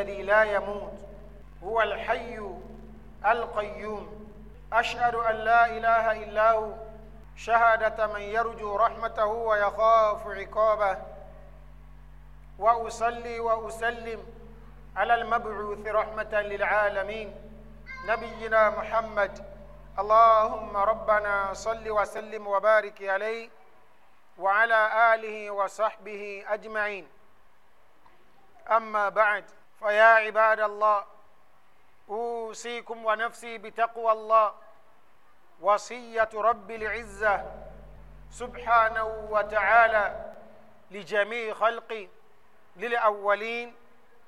الذي لا يموت هو الحي القيوم أشهد أن لا إله إلا هو شهادة من يرجو رحمته ويخاف عقابه وأصلي وأسلم على المبعوث رحمة للعالمين نبينا محمد اللهم ربنا صل وسلم وبارك عليه وعلى آله وصحبه أجمعين أما بعد فيا عباد الله اوصيكم ونفسي بتقوى الله وصيه رب العزه سبحانه وتعالى لجميع خلقي للاولين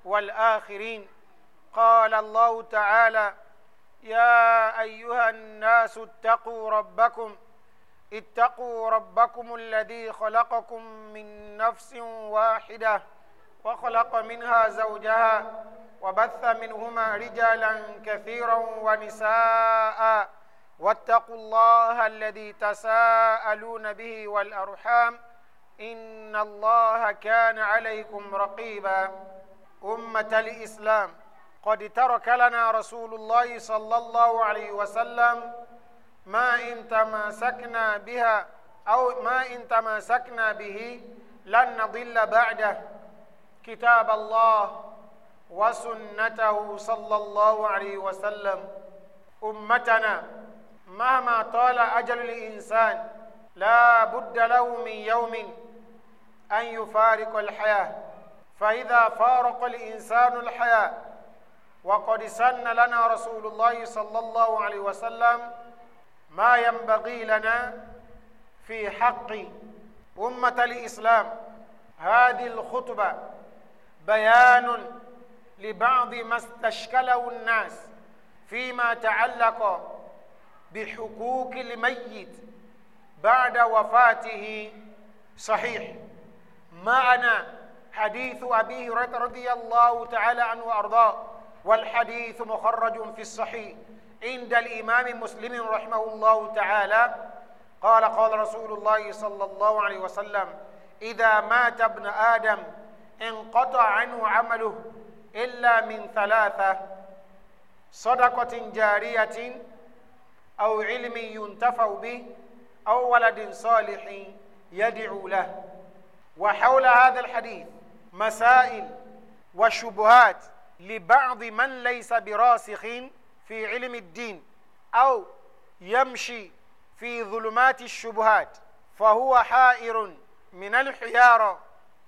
والاخرين قال الله تعالى يا ايها الناس اتقوا ربكم اتقوا ربكم الذي خلقكم من نفس واحده وخلق منها زوجها وبث منهما رجالا كثيرا ونساء واتقوا الله الذي تساءلون به والأرحام إن الله كان عليكم رقيبا أمة الإسلام قد ترك لنا رسول الله صلى الله عليه وسلم ما إن تماسكنا بها أو ما إن تماسكنا به لن نضل بعده كتاب الله وسنته صلى الله عليه وسلم أمتنا مهما طال أجل الإنسان لا بد له من يوم أن يفارق الحياة فإذا فارق الإنسان الحياة وقد سن لنا رسول الله صلى الله عليه وسلم ما ينبغي لنا في حق أمة الإسلام هذه الخطبة بيان لبعض ما استشكله الناس فيما تعلق بحقوق الميت بعد وفاته صحيح معنا حديث أبي هريرة رضي الله تعالى عنه وأرضاه والحديث مخرج في الصحيح عند الإمام مسلم رحمه الله تعالى قال قال رسول الله صلى الله عليه وسلم إذا مات ابن آدم انقطع عنه عمله إلا من ثلاثة صدقة جارية أو علم ينتفع به أو ولد صالح يدعو له وحول هذا الحديث مسائل وشبهات لبعض من ليس براسخ في علم الدين أو يمشي في ظلمات الشبهات فهو حائر من الحيارة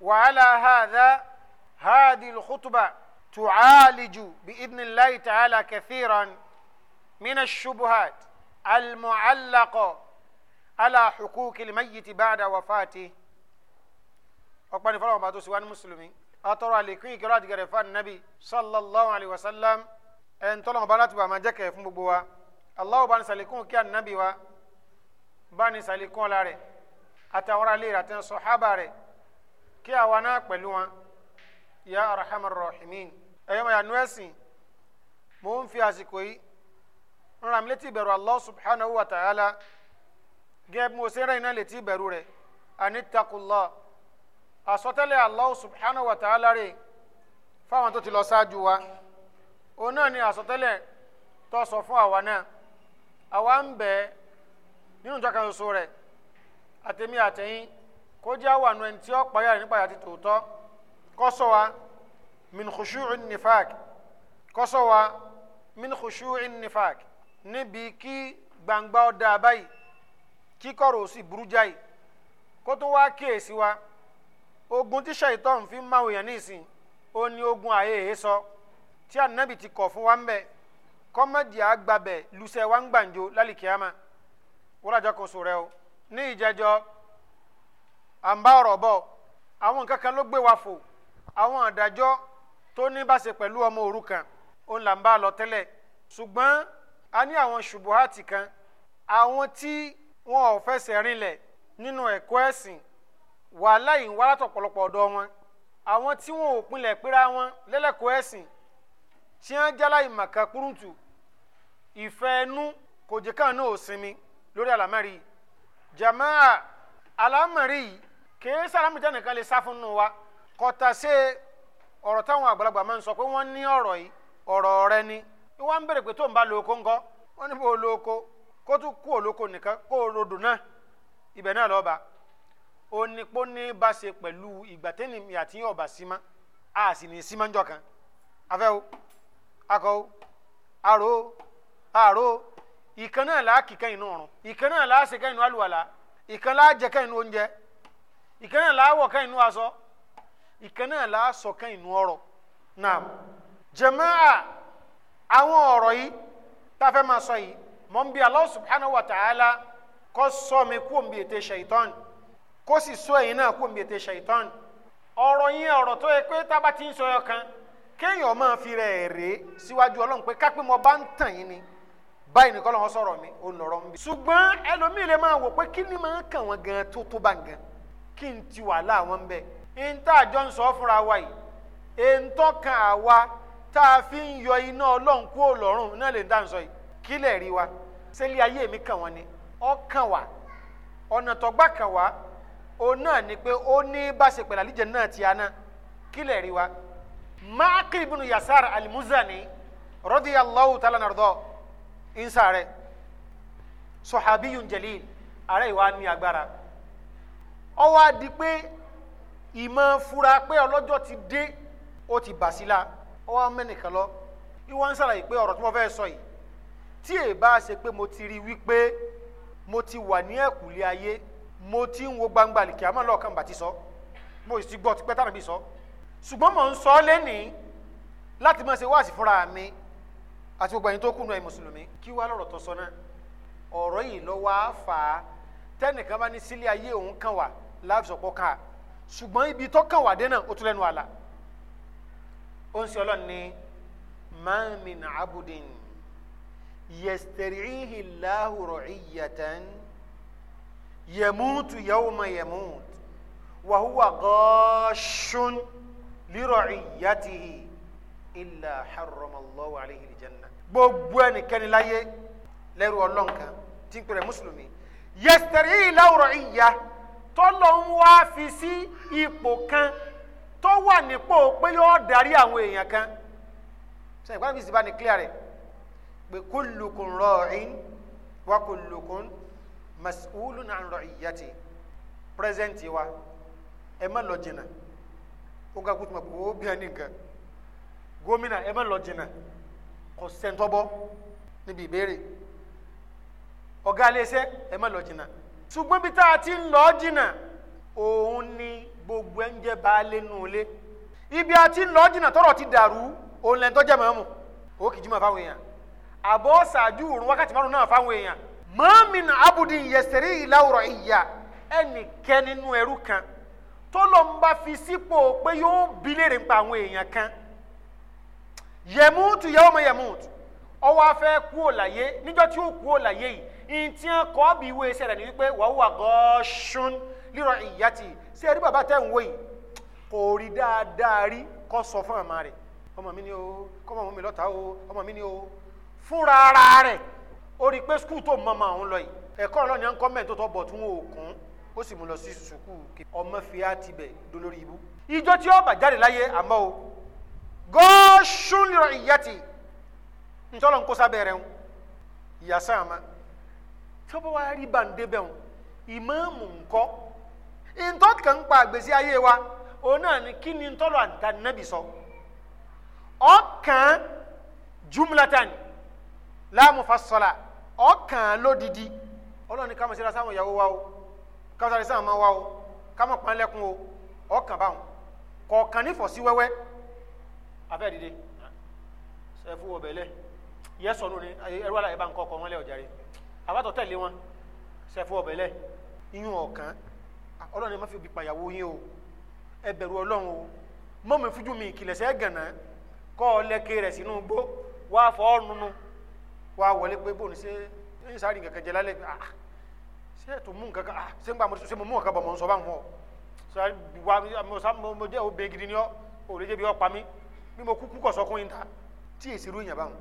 وعلى هذا هذه الخطبة تعالج بإذن الله تعالى كثيرا من الشبهات المعلقة على حقوق الميت بعد وفاته ọpẹni fọlọmọ bá tó sì wá ní mùsùlùmí atọrọ àlékún ìkẹrọ àdìgẹrẹ fún anabi sallallahu alayhi wa sallam ẹn tọlọmọ bá láti bá máa jẹkẹ fún gbogbo wa aláwọ bá ní sàlékún kí anabi wa bá ní sàlékún ọlá rẹ̀ àtàwọn aráàlú rẹ̀ àti sọhábà rẹ̀ kí àwa náà pẹ̀lú wọn ya arhamar rahimin ẹ̀yọ́ mọ̀ yànnú ẹ̀sìn mò ń fi àsìkò yìí ń ra mi létí ìbẹ̀rù allah subhanahu wa ta'ala gẹ́gẹ́ bí mo ṣe ń rẹ́yìn náà létí ìbẹ̀rù rẹ̀ anittaqullah àsọtẹ́lẹ̀ allah subhanahu wa ta'ala rẹ̀ fáwọn tó ti lọ ṣáájú wa òun náà ni àsọtẹ́lẹ̀ tó sọ fún àwa náà àwa ń bẹ nínú ìjọ kan ṣoṣo rẹ̀ àtẹ̀mí àtẹ̀yìn kọjá wà nù ẹni tí ó nípa àti tòótọ́ kọ́sọ́ wa min khushu'i nifaq kọ́sọ́ wa min khushu'i nifaq níbi kí gbangba ọ̀dà báyìí kí kọ̀rọ̀ sì burú jáì kó tó wá kíyèsí wa ogun tí ṣàìtọ́n fi ń máa wòyàn ní ìsìn ó ní ogun ààyè èé sọ tí ànábì ti kọ̀ fún wa ń bẹ kọ́mẹ́dì àgbàbẹ̀ lùsẹ̀ wa ń gbàǹjo lálìkíyàmá wọ́n lájọ kò sòrẹ́ o ní ìjẹ́jọ́ à ń bá ọ̀rọ̀ bọ̀ àwọn nǹkan kan ló gbé wa fò àwọn àdájọ́ tó ní bá ṣe pẹ̀lú ọmọ òrukàn òun là ń bá lọ tẹ́lẹ̀ ṣùgbọ́n a ní àwọn ṣubuhati kan àwọn tí wọn ò fẹsẹ̀ rinlẹ̀ nínú ẹ̀kọ́ ẹ̀sìn wàhálà yìí ń wá látọ̀pọ̀lọpọ̀ ọ̀dọ́ wọn àwọn tí wọn ò pinlẹ̀ pera wọn lẹ́lẹ́kọ̀ọ́ ẹ̀sìn tí wọn jálá ìmàkà kúrúntù ìfẹ́ ẹnu kò náà ò sinmi lórí àlámẹ́rì jamaa àlámẹ́rì yìí kìí sàrámìtẹ́ nìkan lè sá fún nù wa kọ̀tà sí ọ̀rọ̀ táwọn àgbàlagbà máa ń sọ pé ní ni wọ́n ń bèrè pé tó ń bá lóko ńkọ́ wọ́n ní bó lóko kó tún kú òlóko nìkan kó o náà ibẹ̀ náà lọ́ọ́ bá a sì ní kan akọ o aro o o ìkan náà làá kìkan inú ìkan náà làá ṣe inú ìkan náà láwọ̀ kan inú aṣọ ìkan náà láṣọ kan inú ọ̀rọ̀ náà jàmáà àwọn ọ̀rọ̀ yìí tá a fẹ́ máa sọ yìí mọ̀ ń bí Allah subhanahu wa ta'ala kó sọ mi kú òǹbí ètè ṣèitán kó sì sọ ẹ̀yin náà kú òǹbí ètè ṣèitán ọ̀rọ̀ yẹn ọ̀rọ̀ tó yẹ pé tá ti ń sọ ọkàn kéèyàn máa fi rẹ̀ rèé síwájú ọlọ́run pé kápẹ́ mo bá ń tàn yín ni báyìí nìkan lọ́wọ́ sọ̀rọ̀ mi ò nọ̀rọ̀ mi. ṣùgbọ́n ẹlòmíì lè máa wò pé kí ni máa ń kàn wọ́n gan tó tó bá gan kí n ti wà láwọn ń bẹ n tá àjọ ń sọ fúnra wa yìí èntọ́ kan àwa tá a fi ń yọ iná ọlọ́run kúrò lọ́rùn náà lè dá ń sọ yìí kí lè rí wa sẹ́lẹ̀ ayé mi kàn wọ́n ni ọkàn wà ọ̀nà tọ́gbà kàn wá òun náà ni pé ó ní báṣe pẹ̀lú àlíjẹ náà ti àná kí lè rí wa. máàkì ibùnú yasar alimuzani radiyallahu ta'ala nàrọ̀dọ̀ ìnsàrẹ̀ sọ̀hábíyùn jalil ààrẹ ìwà ní agbára ó wá di pé ìmọ̀ fura pé ọlọ́jọ́ ti dé ó ti bà sí la ó wá mẹ́nìkan lọ ìwọ ń ṣàlàyé pé ọ̀rọ̀ tí mo fẹ́ sọ yìí tí èè bá ṣe pé mo ti rí wípé mo ti wà ní ẹ̀kúlé ayé mo ti ń wo gbangba lìkì àmọ́ lọ́ọ̀kan bàtí sọ mo sì ti gbọ́ tipẹ́ tàbí sọ ṣùgbọ́n mò ń sọ ọ́ lẹ́nìí láti máa ṣe wáàsí fúnra mi àti gbogbo ẹni tó kùnú ẹ̀ mùsùlùmí kí wàá lọ́rọ̀ tó sọ náà ọ̀rọ̀ yìí ló wá fà á tẹnìkan bá ní sílé ayé òun kàn wá láàfisọ̀pọ̀ ká ṣùgbọ́n ibi tó kàn wá dé náà ó tún lẹ́nu àlà ó ń sọ ọlọ́run ní mamin abudin yẹsitẹ̀rìhì láhùrọ̀ ìyàtàn yẹmútu yawma yẹmútu wàhùwà gọ́ṣún lírọ̀ ìyàtìhì ilà haramallahu alayhi aljanna gbogbo ẹnikẹ́ni láyé lẹ́rù ọlọ́nkan tí ń pèrè mùsùlùmí yẹsẹ̀rì ìlàwọ̀rọ̀ ìyá tọ́lọ̀ ń wá fi sí ipò kan tó wà nípò pé yóò darí àwọn èèyàn kan sẹ́yìn ìpàdé bíi ìsìnbá ni clear rẹ̀ pé kullukum ra'in wa kullukum mas'ulun an ra'iyyati present wa ẹ má lọ jìnnà ó ga kó tó kó o bí ẹni nǹkan gómìnà ẹ má lọ jìnnà kò sẹ́ńtọ́bọ́ níbi ìbéèrè. ọ̀gá iléeṣẹ́ ẹ má lọ jìnnà ṣùgbọ́n bí tá a ti ń ni gbogbo ẹ̀ ń lé baálé ibi a ti ń lọ jìnnà tọrọ ti dàrú òun lẹ́ni jẹ́ màmú ó kì í jùmọ̀ fáwọn èèyàn àbọ̀ ṣáájú òun wákàtí márùn náà fáwọn èèyàn mọ́mìn abudi yẹsẹ̀rí ìlàwọ̀rọ̀ ìyá ẹnìkẹ́ nínú ẹrú kan tó lọ ń bá fi sípò pé yóò léèrè ń pa àwọn èèyàn kan yẹmúùtù yẹmúùtù kú òlàyé tí ó kú òlàyé yìí ìtì ọkọ̀ bí ìwé iṣẹ́ rẹ̀ ni wípé wọ́n wà gọ́ọ́ṣún lírọ̀ ìyá tì sí ẹ̀rí bàbá tẹ̀ ń wò yìí kò rí dáadáa rí kọ́ sọ fún àmà rẹ̀ ọmọ mi ni o kọ́mọ mi lọ́ta o ọmọ mi ni o fúnra ara rẹ̀ ó rí i pé skul tó mọ̀mọ́ àwọn lọ yìí ẹ̀kọ́ ọlọ́ni à ń mẹ́tò tó bọ̀ tún òkun ó sì mú lọ sí sùkúù ọmọ fìyà tibẹ̀ dolórí ibú ìjọ tí ó bà jáde láyé àmọ́ o gọ́ọ́ṣún lírọ̀ ìyá tì ń tọ́lọ́ ń kó sábẹ́ rẹ̀ ń ìyá sáà máa tó bá wá rí bàǹdé bẹ́ẹ̀ wọn ìmáàmù ńkọ́ ntọ́ kàn ń pa àgbèsí ayé wa òun náà ni kí ni ntọ́lọ̀ àtànábì sọ ọ̀kan jumlatan la mufassala ọ̀kan lódìdí ọlọ́ni ká mọ̀ sí lásán àwọn ìyàwó wa o ká mọ̀ sí lásán àmọ́ wa o ká mọ̀ pọ́n o ọ̀kan báwọn kọ̀ọ̀kan nífọ̀ sí wẹ́wẹ́ abẹ́ dìde ṣe fún wọ bẹ̀lẹ̀ yẹ sọ̀nù ni ẹrú àlàyé bá ń kọ́ ọkọ̀ wọn lẹ́ ọ̀járe àbátọ̀ tẹ̀lé wọn ṣẹ̀fọ́ ọ̀bẹ̀lẹ̀ iyún ọ̀kan ọlọ́run má fi òbí pàyàwó yín o ẹ bẹ̀rù ọlọ́run o mọ́mí fújú mi ìkìlẹ̀sẹ̀ gànà kọ́ ọ lẹ́kẹ́ rẹ̀ sínú gbó wàá fọ́ ọ́ nunu wàá wọlé pé bóun ṣe ń sáré nǹkan kan jẹ lálẹ́ pé ah ṣé ètò mú nǹkan kan ah ṣé ń gbà mo ṣe mo mú nǹkan bọ̀ mo ń sọ bá ń fọ wa mo jẹ́ obìnrin gidi ni ọ́ òòlù jẹ́ bí ọ́ pa mí bí mo kú kú kọ̀ ta tí èsì rú ìyàn báwọn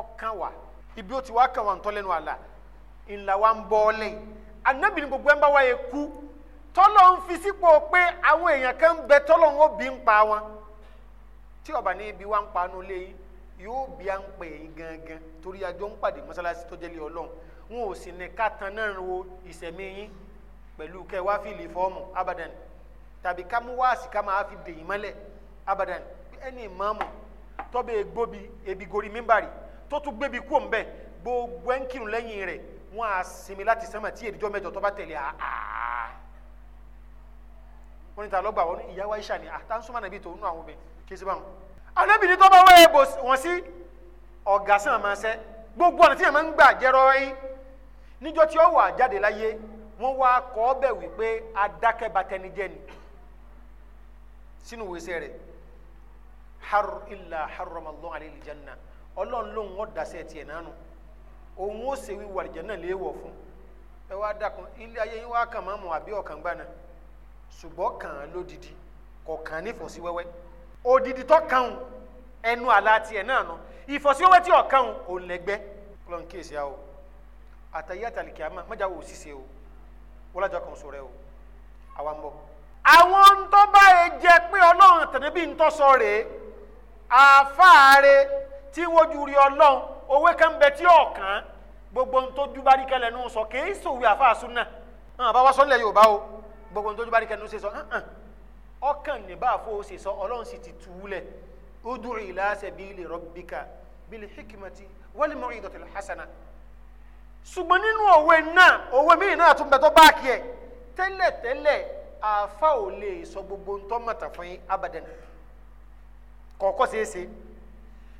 ọkàn wà ibi ó ti wá kàn wá ń tọ́lẹ́nu àlà ńlá wa ń bọ́ ọ́lẹ̀ anábì ní gbogbo ẹ̀ ń bá wáyé kú tọ́lọ́ ń fi sípò pé àwọn èèyàn kan ń bẹ tọ́lọ́ ń bí pa wọn tí ọba ní ibi wa ń pa anú léyìn yóò bí à ń pè yín gangan torí àjọ ń pàdé mọ́sálásí tó jẹ́lé ọlọ́run wọn ò sì ní ká tan náà ro ìsẹ̀mí yín pẹ̀lú kẹ́ wá fìlì fọ́ọ̀mù abadan tàbí ká mú wáàsí ká máa fi dèyìn mọ́lẹ̀ abadan ẹni ìmọ̀ọ́mù tọ́bẹ̀ gbóbi ebi gorí mímbàrí tó tún gbébi kú òǹbẹ gbogbo ẹnkirun lẹ́yìn rẹ̀ wọ́n á sinmi láti sánmà tí èdìjọ́ mẹ́jọ tó bá tẹ̀lé àá wọ́n ní ta lọ́gbà wọn ìyá wa iṣà ni àtàǹsọ́mọ́ nàbí tó nù àwọn obìnrin kì í sí báwọn. anábìrin tó bá wáyé bò wọ́n sí ọ̀gá sàn máa ṣẹ́ gbogbo ọ̀nà tí yẹn máa ń gbà jẹ́rọ yín níjọ́ tí ó wà jáde láyé wọ́n wá kọ́ bẹ̀ wípé adákẹ́ batẹnijẹ́ ni sínú ìwé sẹ́rẹ̀ har illa harramallahu alayhi aljanna ọlọ́run lóun wọ́n dasẹ̀ tiẹ̀ nánu òun ó ṣe wíwọ àlìjánnà léèwọ̀ fún ẹ wá dákun ilé ayé yín wá kàn máa mọ̀ àbí ọ̀kan gbà náà ṣùgbọ́n kàn án lódìdí kọ̀ọ̀kan ní ìfọ̀sí wẹ́wẹ́ odidi tó kàn án ẹnu àlá tiẹ̀ náà nù ìfọ̀sí wẹ́wẹ́ tí ọ̀kan án òun lẹ́gbẹ́ ọlọ́run kíyèsí a o àtàyé àtàlìkì àmà mọ́jà wò ó o wọ́n lájọ kan sọ̀rọ̀ ẹ o àwa ń bọ̀. àwọn ń tọ́ bá e jẹ pé ọlọ́run tẹ̀lé bí ń tọ́ sọ rèé àáfàá tí wọ́n ju rí ọlọ́run òwe kan bẹ tí ọ̀kan gbogbo ń tójú bá rí kẹlẹ̀ nù sọ kì í sòwé àfàsùn náà hàn bá wá sọ́lẹ̀ yorùbá o gbogbo ń tójú bá rí kẹlẹ̀ nù ṣe sọ hàn ọkàn ní bá àfọwọ́ ṣe sọ ọlọ́run sì ti tù ú lẹ̀ ud'u ila sabili rabbika bil hikmati wal maw'izatil hasana ṣùgbọ́n nínú òwe náà òwe míì náà tún bẹ tó bá kí ẹ tẹ́lẹ̀tẹ́lẹ̀ àfa ò lè sọ gbogbo ń tọ́ mọ̀tà fún yín kọ̀ọ̀kọ́ ṣeé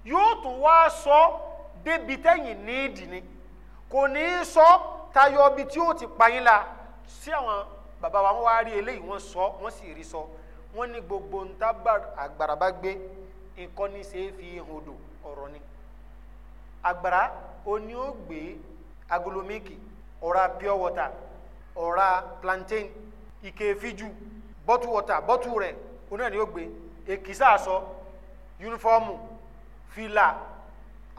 yóò tún wá sọ débi tẹ́yìn níìdì ni kò ní í sọ tayọ ibi tí ó ti payín la sí àwọn bàbá wa wọn wá rí eléyìí wọn sọ wọn sì rí sọ wọn ní gbogbo ntaba àgbàrá bá gbé nǹkan ní ṣe é fi hàn odò ọ̀rọ̀ ni àgbàrá oní ó gbé agolo ọ̀rá pure water ọ̀rá plantain ike fiju bottle water bottle rẹ̀ oní ẹ̀ ni ó gbé èkìsà aṣọ yunifọ́ọ̀mù fila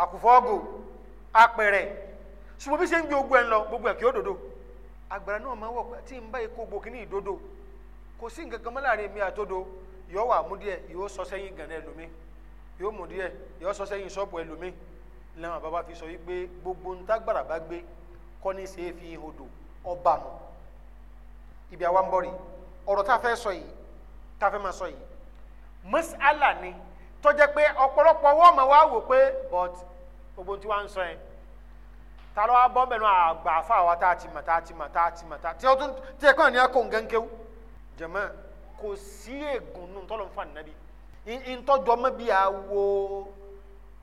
àkùfọ́ọ̀gò apẹ̀rẹ̀ ṣùgbọ́n bí ṣe ń gbé ogun ẹ̀ ń lọ gbogbo ẹ̀ kí ó dòdò àgbàrá náà máa wọ̀ pé tí bá ikú gbò kí ní sọ sẹ́yìn gànà ẹlòmí yóò mú díẹ̀ sọ sẹ́yìn ṣọ́ọ̀bù ẹlòmí lẹ́wọ̀n bàbá fi gbogbo ń gbé kọ́ ní ṣe é tó jẹ́ pé ọ̀pọ̀lọpọ̀ wọ́n mọ̀ wá wò pé but gbogbo tí wọ́n ń sọ yẹn ta ló wá bọ́ mẹ́nu àgbà fáwa tá a ti mọ̀ tá a ti mọ̀ tá a ti mọ̀ tá a ti ọdún tí ẹ kàn ní ẹkọ nkankéwu jẹ̀mọ́ kò sí ègùn nù tọ́lọ̀ ń fa nìyẹn bí ntọ́jú ọmọ bíi àwo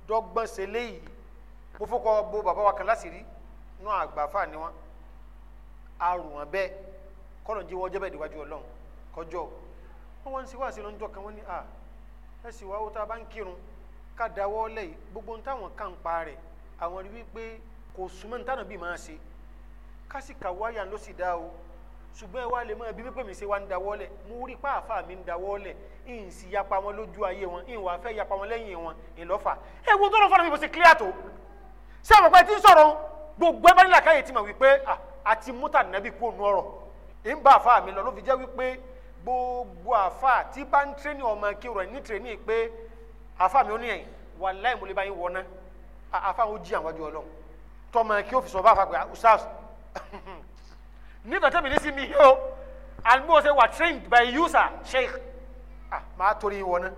dọ́gbọ́n ṣe léyìí mo fọkọ bo bàbá wa kan láṣìírí nù àgbà fáà ni wọn arùn wọn bẹ́ẹ̀ kọ́nà jí wọ́n ọlọ́run kọjọ́ wọn wọ́n ń ṣe wáṣẹ́ lọ́njọ́ kan wọ́n ní à. Ah, ẹ sì wá owó tá a bá ń kírun ká dáwọ́ lẹ̀ gbogbo ń táwọn kà ń pa rẹ̀ àwọn rí wípé kò súnmọ́ ní tànà bí máa ṣe ká sì kà wáyà ló sì dá o ṣùgbọ́n ẹ wá lè máa bí wípé mi ṣe wá ń dáwọ́ lẹ̀ mo rí pàáfà mi ń dáwọ́ lẹ̀ ìyìn sì yapa wọn lójú ayé wọn ìyìn wà fẹ́ yapa wọn lẹ́yìn wọn ìlọ́fà ẹ wo tó lọ fọ́nà mi bó ṣe clear tó ṣé àwọn ọ̀pẹ ti ń sọ̀rọ̀ gbogbo ẹ bá nílà káyè ti mọ̀ wípé àti mútà nàbí kú òun ọ̀rọ̀ gbogbo àfa tí bá ń tírénì ọmọ kí rẹ̀ ní tírénì pé àfa mi ò ní ẹ̀yìn wàláhì mo lè bá yín wọná àfa ó jí àwọn àjọ ọlọ́run tọmọ kí ó fi sọ bá àfa pé usas nígbà tẹ́mi ní sí mi yìí o and mo ṣe wà trained by user sheikh ah máa torí wọná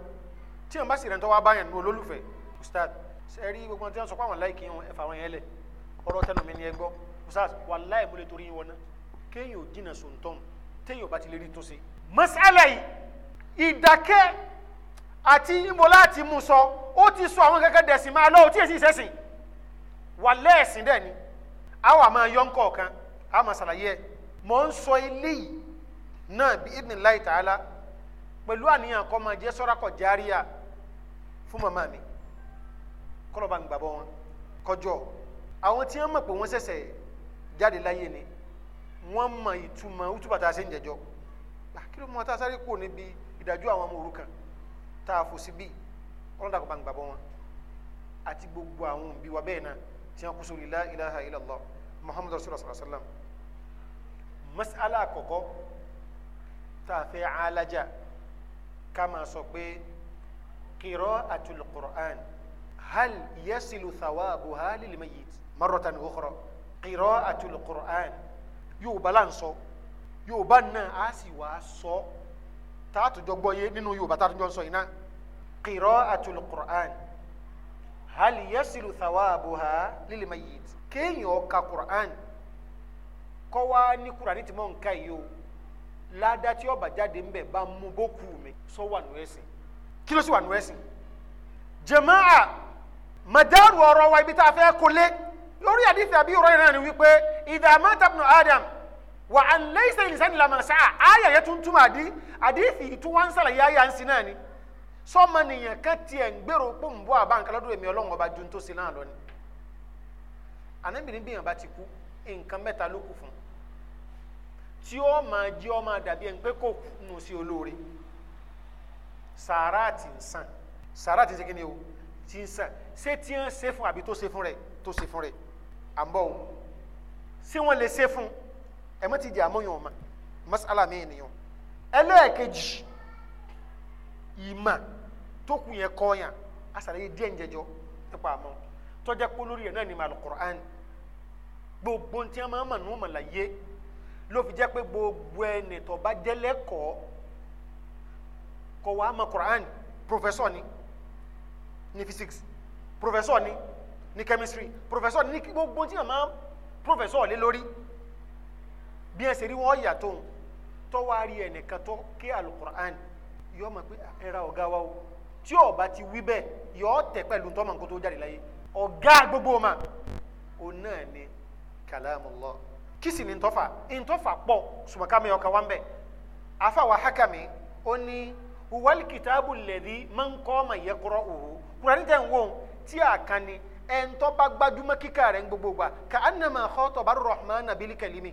tí wọn bá sì rẹ̀ ń tọ́ wá báyẹn nu olólùfẹ́ ustaz ṣe rí gbogbo tí wọn sọ pé àwọn láìkì wọn ẹ̀fà wọn yẹn lẹ̀ ọ̀rọ̀ tẹnu mi ni ẹ gbọ́ usas wàláhì mo lè torí wọná kéèyàn ò dínà sòǹtọ́n téèyàn ò bá ti lè rí tó ṣe masala yìí ìdákẹ́ àti ìmọ̀ láti mú sọ ó ti sọ àwọn kankan dẹ̀sìn máa lọ́wọ́ tí èsì ìṣẹ́sìn wà lẹ́ẹ̀sìn dẹ̀ ni àwọn àmọ́ yọ̀ǹkọ̀ kan àmọ́ sàlàyé ẹ̀ mọ̀ ń sọ ilé yìí náà bí ibn láì tààlà pẹ̀lú àníyàn kọ́ máa jẹ́ sọ́rakọ̀ járíà fún màmá mi kọ́lọ́ bá ń gbàbọ̀ wọn kọjọ́ àwọn tí wọ́n mọ̀ pé wọ́n ṣẹ̀ṣẹ̀ jáde láyé ni wọ́n mọ ìtumọ̀ útúbàtà ṣe ń jẹjọ́ Ah, kí ló mú ata sáré kúrò níbi ìdájọ́ àwọn ọmọ òrukàn tá a fò sí bí ọlọ́dà kò bá ń gbàgbọ́ wọn àti gbogbo àwọn òbí wa bẹ́ẹ̀ náà tí wọ́n kú sórí la ilaha illallah muhammadu rasulullah sallallahu alaihi wa sallam mas'ala àkọ́kọ́ tá a fẹ́ alájà ká máa qira'atul qur'an hal yasilu thawabuha lil mayyit marratan ukhra qira'atul qur'an yóò yorùbá náà á sì wá sọ tààtùjọ gbọ́yé nínú yorùbá tààtùjọ sọ iná qira'atul qur'an hal yasilu lili lil mayyit kéèyàn ka qur'an kọ́ ní qur'an tí mò ń ka yìí o ládàá tí ọba jáde ń bẹ̀ bá mú bókù mi sọ wà nù ẹ̀sìn kí ló sì wà nù ẹ̀sìn jama'a madaru ọ̀rọ̀ wa ibi tá a fẹ́ kólé lórí àdìsí àbí ọ̀rọ̀ yìí náà ni wípé idha mata adam wa an laysa lisani lama sa'a aya yẹ tuntun adi adiifi itu wọn sàlàyé aya ń sin náà ni sọma nìyẹn ká tiẹ̀ ń gbèrò pò ń bọ́ àbá nǹkan lọ́dún èmi ọlọ́run ọba ju tó sin náà lọ ni anábìrin bíyànjú bá ti kú nǹkan mẹ́ta ló kù fún tí ó máa jí ọ máa dàbí ẹni pé kò nù sí olóore sàárà ti ń sàn sàárà ti o ti ń sàn ṣé tí ń ṣe fún àbí tó ṣe fún rẹ tó ṣe fún rẹ à ń bọ̀ o ṣé ẹ mọ ti di àmọ yàn ọma masala mi nìyàn ẹlẹ́ẹ̀kejì ìmà tó kun yẹn kọ́ọ̀yàn asàlẹ̀ yìí díẹ̀ ń jẹjọ nípa àmọ́ tọ́jà pé lórí ẹ̀ náà ni màlù Qur'an gbogbo ntí wọn máa mọ̀ ní wọn mọ̀ láyé ló fi gbogbo ẹni tó bá jẹ́ lẹ́kọ̀ọ́ kọ̀ wá mọ̀ Qur'an professor ni ní physics professor ni ní chemistry professor ni gbogbo ntí wọn máa professor lé lórí bí ẹ ṣe rí wọ́n yàtọ̀ tọ́wárí ẹnìkan tó ké alukur'an yọ ma pé ẹra ọ̀gá wa o tí ọba ti wí bẹ́ẹ̀ yọ ọ tẹ̀ pẹ̀lú ntọ́ ma nǹkan tó jáde láyé ọ̀gá gbogbo ma òun náà ni kalamullah kìsì ni ntọ́fà ntọ́fà pọ̀ sùmọ́kàmì ọ̀kà wa ń bẹ̀ afáwa hakami ó ní wàlí kìtàbù lẹ́dí máa ń kọ́ ọmọ yẹ kúrọ́ òwò kúránì tẹ̀ ń wò ó tí a kan ni ẹ̀ńtọ́ bá gbajúmọ́ kíkà rẹ̀ ń gbogbo wa kà á nà máa kọ́ tọ́ba rọ̀hánà bílí kẹ́lí mi.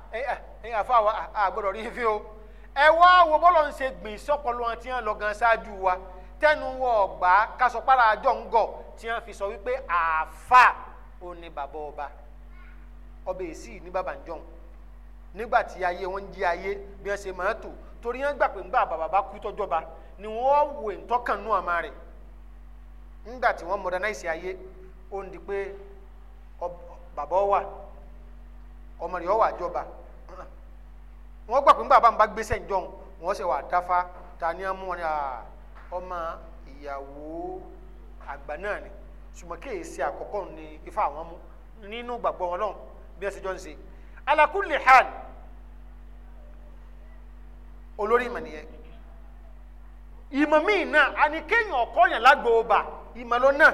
ẹ̀yin àfa wa àgbọ̀dọ̀ rí fi o ẹ wá wo bọ́lọ̀ ń ṣe gbìn sọ́pọ̀lọ́ wọn tí wọ́n lọ gan ṣáájú wa tẹnu wọn ọgbà kásọpára àjọ ń gọ̀ tí wọ́n fi sọ wípé àáfà ò ní bàbá ọba ọba èsì ní bàbá ń jọ̀hún nígbà tí ayé wọn ń jí ayé bí wọ́n ṣe máa tò torí wọ́n gbà pé ńgbà bàbá kú tọ́jọ́ba ni wọ́n wò ìtọ́kànnú àmà rẹ̀ ńgbà tí wọ́n modernize ayé ó ń di pé bàbá wà ọmọ rẹ̀ ó wà wọ́n gbà pé nígbà bá ń bá gbèsè ń jọun wọ́n ṣe wà dáfá ta ni ọmọ wọn ni ọmọ ìyàwó àgbà náà ni ṣùgbọ́n kéèsì àkọ́kọ́ ni ifá àwọn mú nínú gbàgbọ́ wọn náà bí wọ́n ṣe jọ ń ṣe ala kulli olórí ìmọ̀ nìyẹn ìmọ̀ míì náà a ní kéèyàn ọkọ yẹn lágbóòbà ìmọ̀ ló náà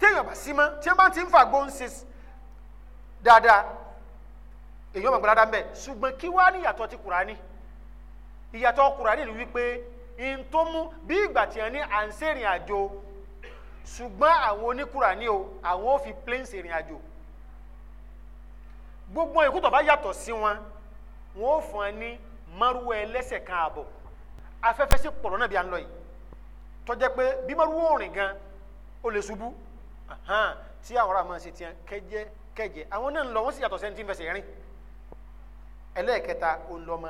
téèyàn bá sí mọ́ tí wọ́n bá ti ń fàgbó ń ṣe dáadáa èyí ọmọ gbọ́dọ̀ dáńbẹ ṣùgbọ́n kí wàá ní ìyàtọ̀ ti kùránì ìyàtọ̀ kùránì ni wípé n bí ìgbà tí wọn ní à ń ṣèrìn àjò ṣùgbọ́n àwọn oníkùránì o àwọn ò fi plane ṣèrìn àjò gbogbo ìkútọ̀ bá yàtọ̀ sí wọn wọn ò fún ẹ ní márùwẹ̀ ẹlẹ́sẹ̀ kan àbọ̀ afẹ́fẹ́ sí pọ̀lọ́ náà bí a ń lọ yìí tọ́jẹ́ pé bí márùwẹ̀ òrìn gan ó lè ṣubú tí àwọn ará máa ṣe tiẹ̀ kẹjẹ kẹjẹ àwọn náà ń lọ wọ́n sì yàtọ̀ sẹ́ni tí ń fẹsẹ̀ rìn. ẹlẹ́ẹ̀kẹta olọ́mọ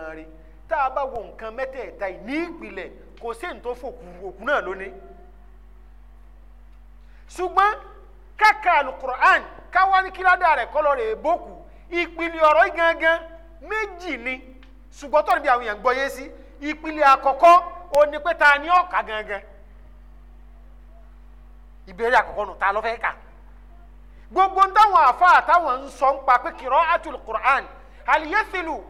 tá a bá wo nǹkan mẹ́tẹ̀ẹ̀ta yìí ní ìpìlẹ̀ kò sí ní tó fòkù òkú náà lónìí ṣùgbọ́n kàkà alukur'an káwá ní kíládà rẹ̀ ni ṣùgbọ́n tọ́ni bí àwọn èèyàn gbọ́ sí ìpìlẹ̀ àkọ́kọ́ ní pé ta ni ọ̀ka gbogbo ń àfa àtàwọn ń sọ ń pa aliyasilu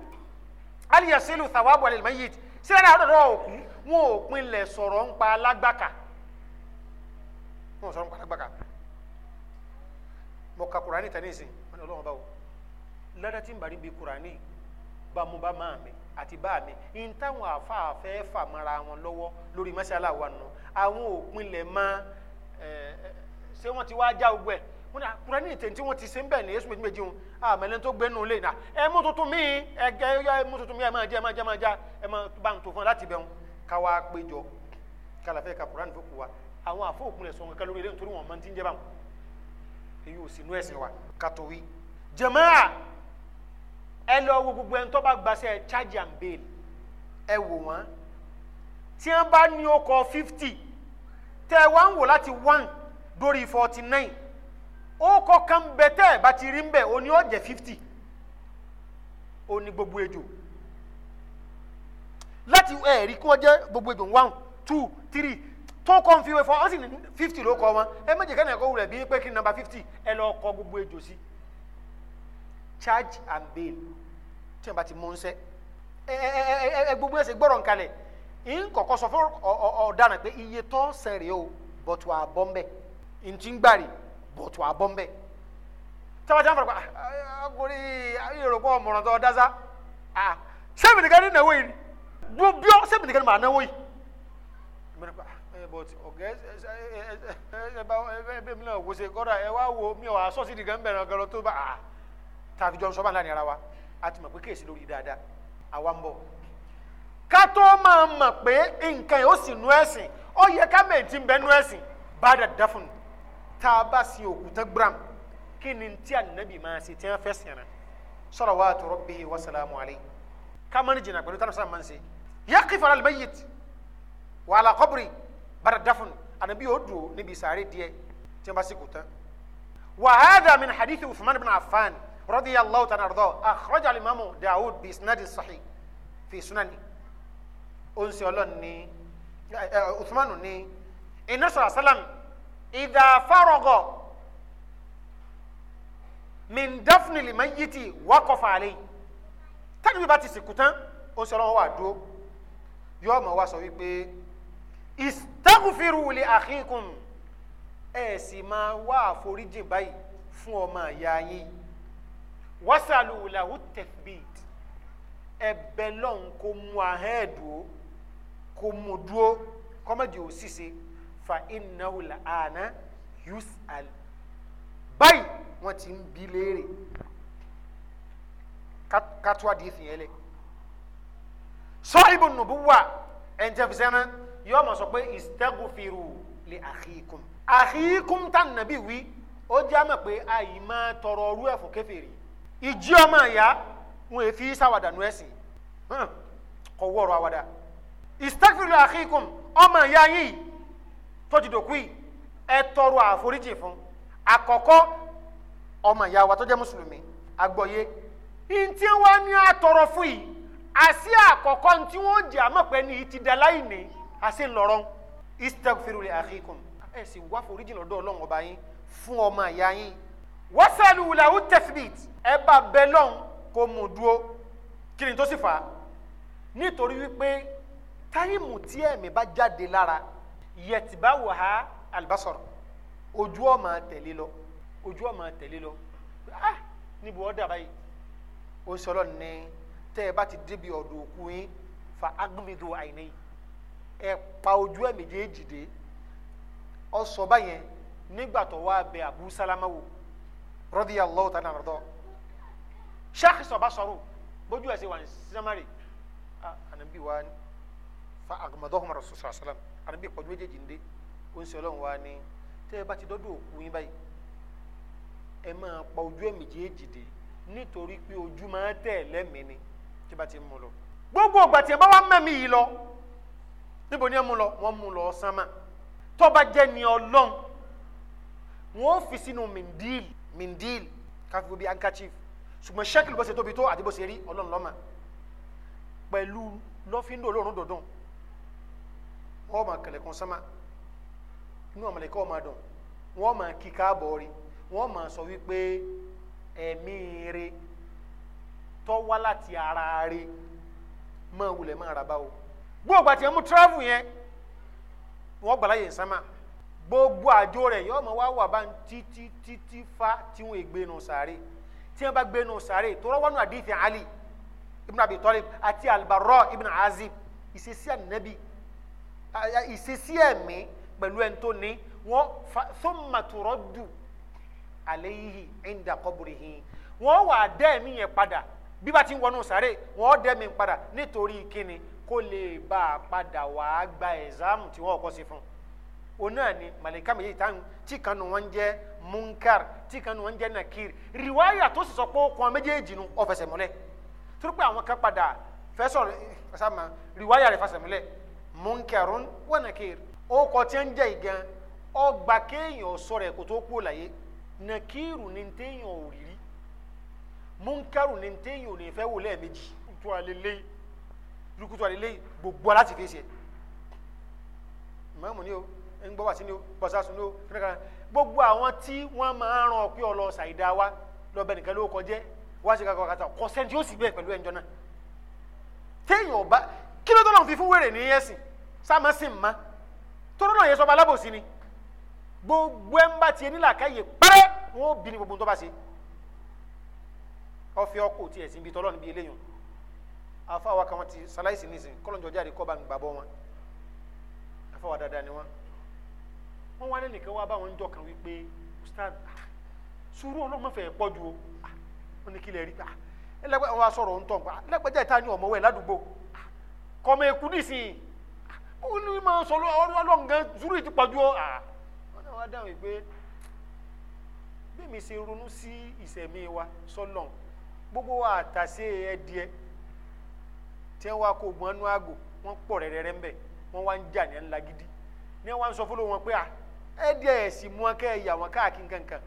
aliyasilu thawabu alimayit sílẹ̀ náà lọ́dọ̀ òkú wọn ò pinlẹ̀ sọ̀rọ̀ ń pa alágbàkà wọn ò sọ̀rọ̀ ń pa alágbàkà mo ka kurani tani sin wọn ni ọlọ́wọ́n bá wò lọ́dọ̀ tí ń bari bi kurani bámúbá máa mi àti bá mi n táwọn àfààfẹ́ fàmọ́ra wọn lọ́wọ́ lórí mọ́ṣálá nù àwọn òpinlẹ̀ máa ṣé wọ́n ti wá já ogbẹ́ wọn náà kúrẹ́ ní ah, ìtẹ̀ntì wọn ti ṣe ń bẹ̀ ní yéṣu méjìméjì wọn ah, àmẹ́lẹ́ tó gbé nù lé nà ẹ mú tuntun mi ẹ gẹ ẹ mú tuntun mi ẹ máa jẹ ẹ máa jẹ ẹ máa já ẹ máa bá ń tó fún ọ láti bẹ̀ wọn ká wá péjọ kálàfẹ́ ka kúrẹ́ nífẹ̀ẹ́ kú wa àwọn àfọwọ́kùn rẹ̀ sọ̀rọ̀ kálórí eléyìí nítorí wọn máa ti ń jẹ báwọn èyí ò sí inú ẹ̀sìn wa kàtó wí. jàmáà ẹ lọ wo gbogbo ẹni tó bá gbaṣẹ́ charge and bail ẹ wò wọ́n tí wọ́n bá ní ọkọ̀ fifty tẹ̀ wá ń wò láti ó kan bẹ tẹ rí gbogbo ejò láti ẹ rí gbogbo ejò one two three tó kọ́ fi wé fún fifty ló kọ wọn ẹ méje kẹ́ni ẹ̀kọ́ bí pé kí fifty e gbogbo ejò sí charge and bail tí wọn bá ti mú ẹ ẹ gbogbo ẹsẹ e iye tó o ntí ń bọ̀tù àbọ̀nbẹ tábàjá fara pa agori ah, ah, ah, yorùbá ọmọràn tó dáza sẹ́mi nìkan ní nàwó yìí dúró bíọ́ sẹ́mi nìkan ní màá náwó yìí mẹ́rin pa eh, ẹ bọ̀ tí ọ̀gá ẹ ẹ bá ẹ bẹ́ẹ̀ mi náà wò ṣe kọ́ra ẹ wá wo mi ò wá sọ́ọ̀sì nìkan ń bẹ̀rẹ̀ ọ̀gá lọ tó bá tàbí jọ̀nsọ́ bá láàrin ara wa a ti mọ̀ pé kéèsì lórí dáadáa àwa ń bọ̀ ká tó máa mọ̀ pé nǹkan yìí ó sì nú ẹ̀sìn ó yẹ ká mẹ̀tí ń bẹ́ nú ẹ̀sìn bá dàda fún un tá a bá sin òkú tán gbram kí ni tí ànábì máa ṣe tí wọ́n fẹ́ sìn salawatu rabbihi wa salamu alayhi kamani jina pẹ̀lú tàbí sàmà ń ṣe yaqif ala almayyit wa ala qabri bada dafn ànábì yóò dùn níbi sàárè díẹ̀ tí wọ́n bá sì kú tán. wa hadha min hadithi uthman ibn affan radiyallahu ta'ala ardo akhraja alimamu daud bi isnadi sahih fi sunani onse olon ni uthmanu ni idha faragha min dafni limayiti waqafa alayhi tani bíbá ti sìnkú tán ó sọ lọ́wọ́ wà dúró yóò mọ̀ wá sọ wípé istaghfiru li akhikum ẹ sì máa wá àforíjìn báyìí fún ọmọ àyà yín wasalu lahu tathbit ẹbẹ lọ́n kó mú ahẹ́ẹ̀dúró kó mú dúró kọ́mọ̀dé ò sì ṣe fa innahu l'ana yus'al báyìí wọ́n ti ń bi léèrè kátó àdìsí yẹn lẹ̀ sọ́ọ̀ìbù nùbúwà ẹ̀ǹtẹ̀fisẹ́nà yóò mọ̀ sọ pé istaghfiru li akhikum akhikum tá nàbí wí ó jẹ́ àmọ̀ pé àyè máa tọrọ ọrú ẹ̀fọ́ kèfèrí ìjí ọmọ ìyá wọn èéfi sáwàdà nù ẹ̀sìn kọ̀ wọ́ọ̀rọ̀ àwàdà istaghfiru li akhikum ọmọ ìyá yìí tó ti dòkú yìí ẹ tọrọ àforíjì fún àkọ́kọ́ ọmọ ìyá wa tó jẹ́ mùsùlùmí agbọ́yé ntí wa ní àtọrọ fún yìí àṣì àkọ́kọ́ ntí wọ́n jẹ́ àmọ̀pẹ́ ní ti da láì ní àṣì ńlọrọ́ istaghfiru li akhikum ẹ sì wá foríjì lọ́dọ̀ ọlọ́run ọba yín fún ọmọ ìyá yín wọ́sàlù làwù tẹ̀sibìt ẹ bá bẹ lọ́n kó mú dúró kí tó sì fà á nítorí wípé táyìmù tí ẹ̀mí bá jáde lára yẹtìbáwòhá albasọrọ ojú ọmọ tẹ̀lé lọ ojú ọmọ tẹ̀lé lọ ah níbo ọ dàbá yìí ó sọlọ ní tẹ ẹ bá ti débi ọ̀dọ̀ òkú yín fa agbómido àìní yìí ẹ pa ojú ẹ méjèèjì dé ọ sọ báyẹn nígbà tó wá bẹ abu salama wò radiyallahu ta'ala rọdọ sheikh sọba sọ̀rọ̀ bójú ẹ ṣe wà ní sísámárì ah ànábì wa fa agbọmọdọ́kùnmọ́ rasulullah sallam àdúgbò ìpọ́jú méjèèjì ń dé ó ń sọ ọlọ́run wa ni tẹ́ ẹ bá ti dọ́dọ̀ òkú yín báyìí ẹ máa pa ojú ẹ̀ méjèèjì dé nítorí pé ojú máa tẹ̀ lẹ́mìí ni tí bá ti mú lọ. gbogbo ìgbà tí ẹ bá wá mẹ́mí yìí lọ níbo ni ẹ mú lọ wọ́n mú lọ sánmà tó bá jẹ́ ni ọlọ́run wọ́n fi sínú mindil mindil káfíńkó bíi handkerchief ṣùgbọ́n ṣẹ́kìlì bó ṣe tóbi tó àti rí ọlọ́run lọ́mà pẹ̀lú lọ́fíńdò olóòórùn dòdùn wọ́n máa kẹlẹ̀kùn sánmà inú àmàlẹ́kẹ́ wọ́n máa dùn wọ́n máa kí káàbọ̀ rí wọ́n máa sọ wípé ẹ̀mí ire tó wá láti ara rí máa wulẹ̀ máa rà bá o gbogbo àti ẹmu travel yẹn wọ́n gbà láyè sánmà gbogbo àjò rẹ̀ yóò máa wá wà bá ń títí títí fa tí wọ́n gbé nù sàárè tí wọ́n bá gbé nù sàárè tó rọ́wọ́nù àdìsí Ali ibn Abi Talib àti Al-Barra ibn Azib ìṣesí ànábì ìṣesí ẹ̀mí pẹ̀lú ẹni tó ní wọ́n thumma turaddu alayhi inda qabrihi wọ́n wà dẹ́ẹ̀mí yẹn padà bí bá ti ń wọnú sáré wọ́n dẹ́ẹ̀mí padà nítorí kíni kó lè bá a padà wà á gba ẹ̀zámù tí wọ́n kọ́ sí fún òun náà ni màlìkà méjì táwọn tí kanu wọn jẹ́ munkar tí kanu wọn jẹ́ nakir riwaya tó sì sọ pé ó kàn méjèèjì nu ọ̀fẹsẹ̀múlẹ̀ torí pé àwọn kan padà fẹ́ sọ̀rọ̀ ẹ̀ ma riwaya rẹ̀ fẹsẹ̀múlẹ̀ munkarun wa nakir ó kọ tí ń jẹ ìgan ọgbà kéèyàn sọ̀rọ̀ ẹ̀kọ́ tó kú láyé nakiru ni téèyàn ò rí munkaru ni téèyàn ò ní fẹ́ wò lẹ́ẹ̀mejì tó alẹ́ lé lukutu alẹ́ lé gbogbo aláti fi ṣe mọ̀ọ́mù ni o ń gbọ́ wá sí o bọ́sá sùn o kíndìkan gbogbo àwọn tí wọ́n máa ń ran ọ̀pẹ́ ọ̀lọ́ wa lọ́bẹ̀ nìkan ló kọjẹ́ wá sí kankan kàtà kọ́sẹ́ntì ó sì bẹ́ẹ̀ pẹ̀lú ẹ̀ńjọ́ náà téèyàn ọba kí ló tó lọ́n fi fún wèrè ní sáàmà sì ń ma tóró náà yẹ sọ́ba alábòsí ni gbogbo ẹ̀ ń bá tiẹ̀ nílà káyè pẹ́rẹ́ wọn ò bí ni gbogbo ń tọ́ bá ṣe ọfẹ ọkọ tiẹ̀ sí ibi tọ́lọ́ níbi eléyìí afa wa kan wọn ti salaisi nisin kọlọ́njọ jáde kọ́ bá ń gbàbọ́ wọn afa wa dáadáa ni wọn wọn wá lẹ́nìkan wá bá wọn jọ kan wípé ustaz sùúrù ọlọ́mọfẹ́ pọ̀ ju o ah, wọn ní kí lè rí ta ah, ẹlẹ́gbẹ́ wọn wá sọ̀rọ̀ ń tọ̀ nípa ah, lẹ́gbẹ́jà ìta ni ọ̀mọ̀wẹ́ ládùúgbò kọ́mọ nísìnyí ó ní máa sọ ọlọ́run gan zúrú yìí ti pàjọ́ wọn náà wá dáhùn pé bẹ́ẹ̀mi ṣe ronú sí ìṣẹ̀mí wa sọ́nà gbogbo wa àtàṣe ẹ̀díẹ̀ tí wọ́n wá kó gbọ́n nú àgò wọ́n pọ̀ rẹ́rẹ́rẹ́ ń bẹ̀ wọ́n wá ń jà ní ńlá gidi ní wọ́n sọ fúnlọ́ wọn pé à ẹ̀díẹ̀ ẹ̀ sì mú wọn kẹ́ ẹ̀yà wọn káàkiri kankan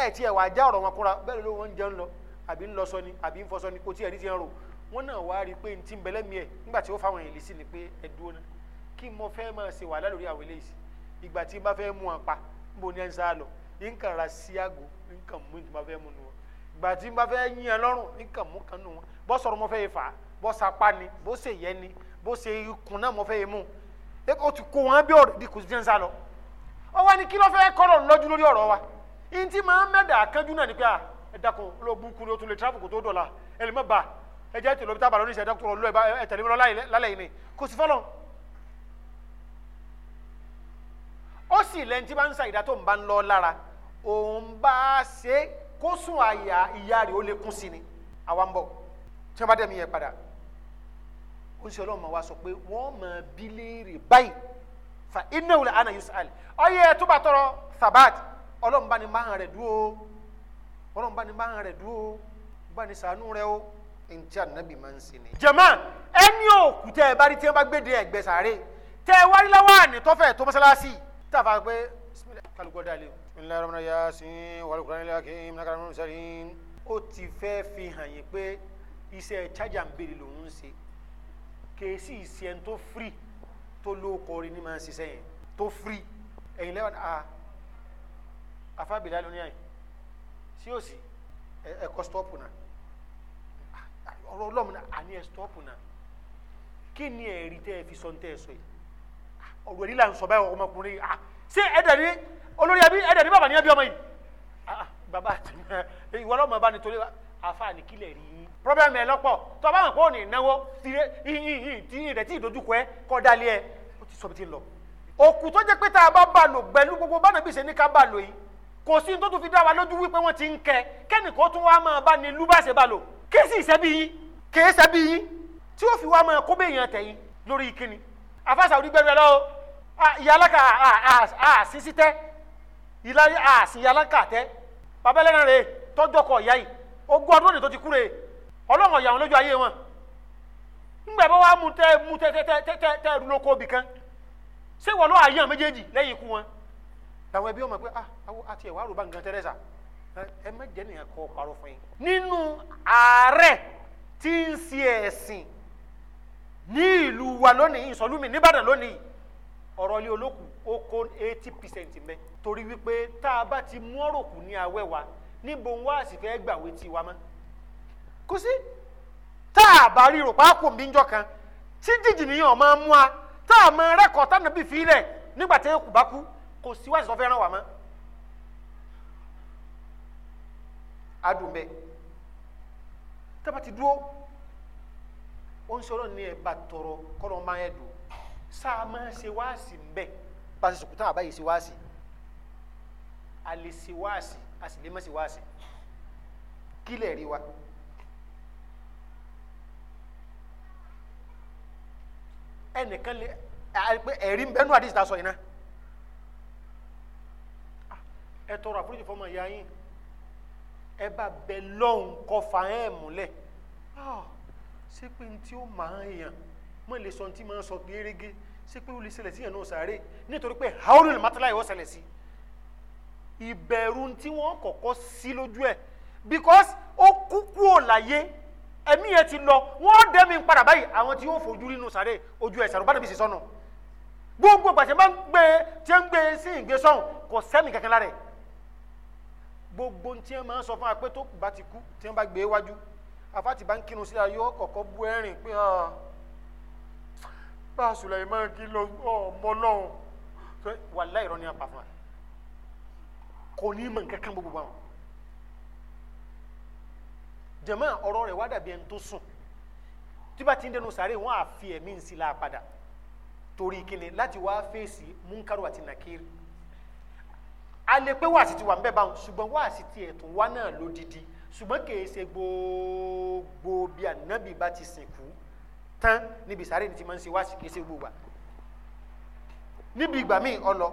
ẹ̀ tiẹ̀ wà á já ọ̀rọ̀ wọn kúra bẹ́ẹ̀ ló wọ́n ń jẹun lọ àbí ń lọ sọ ni àbí ń fọṣọ ni kò tí ẹ̀ ní ti ń rò wọ́n náà wá rí i pé ntí ń bẹ̀lẹ́mìí ẹ̀ nígbà tí ó fáwọn èèyàn lè sí ni pé ẹ dúró náà kí n mọ fẹ́ máa ṣe wàhálà lórí àwọn eléyìí ìgbà tí n bá fẹ́ mú wọn pa n bò ní ẹ̀ ń sá lọ nǹkan ra sí àgò nǹkan mú ìtumọ̀ fẹ́ mú nu wọn ìgbà tí n bá fẹ́ yín ẹ lọ́rùn nǹkan mú kan nu wọn bọ́ sọ̀rọ̀ mọ́ fẹ́ yẹ fà á bọ́ sapá ni bó ṣe yẹ ni bó ṣe ikùn náà mọ́ fẹ́ yẹ mú o ti kó wọn bí ọ̀rẹ́ di kò sí ẹ̀ ń sá lọ ọ wá ní kí ló fẹ́ kọ́ lọ́run lọ́jú lórí ọ̀rọ̀ wa ihun tí màá mẹ́dà kánjú náà ni pé ẹ dákun ló bú kúrò tó lè tráfù tó dọ̀la ẹ lè má bà ẹ jẹ́ tèlóbi tábà lónìí ṣe ẹ dákun lọ ẹ ó sì lẹ́ni tí bá ń sa ìdá tó ń bá ń lọ lára òun bá a ṣe kó sùn àyà ìyá rẹ̀ ó lè kún sí ni àwa ń bọ̀ tí wọ́n bá dẹ̀ yẹn padà ó sì ọlọ́run máa sọ pé wọ́n máa bí báyìí fa iná wùlẹ̀ àná yusuf ali ọyẹ tó bá tọrọ sabat ọlọ́run bá ní máa rẹ̀ dúró ọlọ́run bá ní máa rẹ̀ dúró bá ní sàánú rẹ̀ o ntí ànábì máa ń sin ni. jẹ̀mọ́ ẹni òkú tẹ́ ẹ bá rí tí wọ́n bá gbé de ẹ̀gbẹ́ tẹ́ ẹ wárí lọ́wọ́ àná tọ́fẹ̀ẹ́ tó mọ́sálásí tàbá pé kálukọ dalẹ. ńlá ramana yá sí wàlúkúrán ilé akéwì nàkàrà mọ́nú sẹ́yìn. ó ti fẹ́ fi hàn yín pé iṣẹ́ chájà ń béèrè lòún ń ṣe kèésì ìṣẹ́ni tó firi tó lóko orin ní máa ń ṣiṣẹ́ yẹn tó firi ẹ̀yin lẹ́wọ̀n a afábìlá lóní àyìn sí òsì ẹ̀kọ́ stọ́ọ̀pù náà ọ̀rọ̀ ọlọ́mùnà àní ẹ̀ stọ́ọ̀pù náà kí ni ẹ̀rí tẹ́ ẹ fi sọ ní tẹ́ ẹ sọ yìí ọ̀rọ̀ ẹ̀rí là ń sọ báyìí ọmọkùnrin ah ṣé ẹ̀dẹ̀ ni olórí ẹbí ẹ̀dẹ̀ ni bàbá ni ẹbí ọmọ yìí ah, ah bàbá ìwọ lọ́mọ bá ni torí afa ni kílẹ̀ rí yín. pírọ́bẹ́mì ẹ lọ́pọ̀ tó o bá wọn kó o ní ìnáwó tí rẹ̀ tí ìdójúkọ ẹ kọ́ dalẹ̀ ẹ ó ti sọ bí ti ń lọ. òkú tó jẹ́ pé tá a bá bá lò pẹ̀lú gbogbo bá nàbí ṣe ní ká bá lò yìí kò sí tó tún fi dá wa lójú wípé wọ́n ti ń kẹ kẹ́nìkan tún wá máa bá ní lúbàṣẹ bá lò kéésì ìṣẹ́bí yín kéésẹ́bí yín tí ó fi wá máa kó bẹ́ẹ̀ yàn tẹ̀yìn lórí kíni àfàṣà òdìgbẹ́rẹ́ lọ́wọ́ yalaka a sisi tẹ ilayi a si yalaka tẹ babalẹ́nà rẹ tọ́jọ́ kọ ìyá yìí ogún ọdún òní tó ti kú rẹ ọlọ́run ọ̀yà wọn lójú ayé wọn ńgbà bá wà mú tẹ mú tẹ tẹ tẹ tẹ tẹ ẹrú lóko bì kan ṣé wọn lọ àyàn méjèèjì lẹ́yìn ikú wọn làwọn ẹbí wọn mọ̀ pé ah awo àti ẹ̀wà àrùbá nǹkan tẹ́lẹ̀ sà ẹ má jẹ́ nìyẹn kọ́ parọ́ fún yín. nínú ààrẹ tí ń ṣe ẹ̀sìn ní ìlú wa lónìí ìsọlùmí nìbàdàn lónìí ọ̀rọ̀ ilé olókùn ó kó eighty percent mẹ́ torí wípé tá a bá ti mú ní wa níbo ń wá àsìfẹ́ gbàwé mọ́ a bá rí ròpá kò kan tí jìjì nìyàn máa mú a tá a máa fílẹ̀ nígbà tí kò bá kú kò sí wáṣí tó fẹ́ràn wà mọ́ adùn bẹ́ẹ̀ tá a bá ti dúró ó sáà máa ṣe wáàsí mbẹ bá a ṣe sùkúta àbáyé ṣe wáàsí a lè ṣe wáàsí a sì lè má ṣe wáàsí kí lè rí wa. ẹnìkan lè ẹ̀rí mbẹ́nu àdìsí ta sọ yìí náà ah, ẹ tọrọ àforíjì fọmọ ìyá yín ẹ bá bẹ lọ́hùn kọfà ẹ̀ múlẹ̀ ah, ṣé pé ní tí máa yàn mọ̀ lè sọ tí máa ń sọ gẹ́gẹ́ sí pé ó lè ṣẹlẹ̀ sí yẹn náà sáré nítorí pé haúlù lè mátàlá yìí wọ́n ṣẹlẹ̀ sí ìbẹ̀rù tí wọ́n kọ́kọ́ sí lójú ẹ̀ because ó kúkú ò láyé ẹ̀mí yẹn ti lọ wọ́n dẹ́mi padà báyìí àwọn tí yóò fojú nínú sáré ojú ẹ̀ sàrò bá dàbí sí sọ́nà gbogbo gbàtí máa ń gbé tí ń gbé sí ìgbésọ̀hún kò sẹ́mi kankan lára ẹ̀ gbogbo tí wọn máa ń sọ fún wa pé tó bá ti kú tí wọn bá gbé wájú àfàtì bá ń kírun síra yóò kọ́kọ́ bú ẹ̀rín pé hàn ah, bá a sùlẹ̀ ìmọ̀ kí ló ọmọ lọ́wọ́ wàláhì irọ́ ni apá fún wa kò ní mọ̀ nǹkan kan gbogbo àwọn jẹ̀mọ́ ọ̀rọ̀ rẹ̀ wá dàbí ẹni tó sùn tí bá ti ń dẹnu sàárè wọn á fi ẹ̀mí ń sí la padà torí kíni láti wá fèsì múnkárù àti nàkírì alẹ́ pé wàásì ti wà ń bẹ báwọn ṣùgbọ́n wàásì ti ẹ̀tún wá náà lódìdí ṣùgbọ́n kì í ṣe gbogbo bí ànábì bá ti sìnkú tán níbi sáré ní ti máa ń ṣe wá sí kése gbogbo wa níbi ìgbà míì ọlọ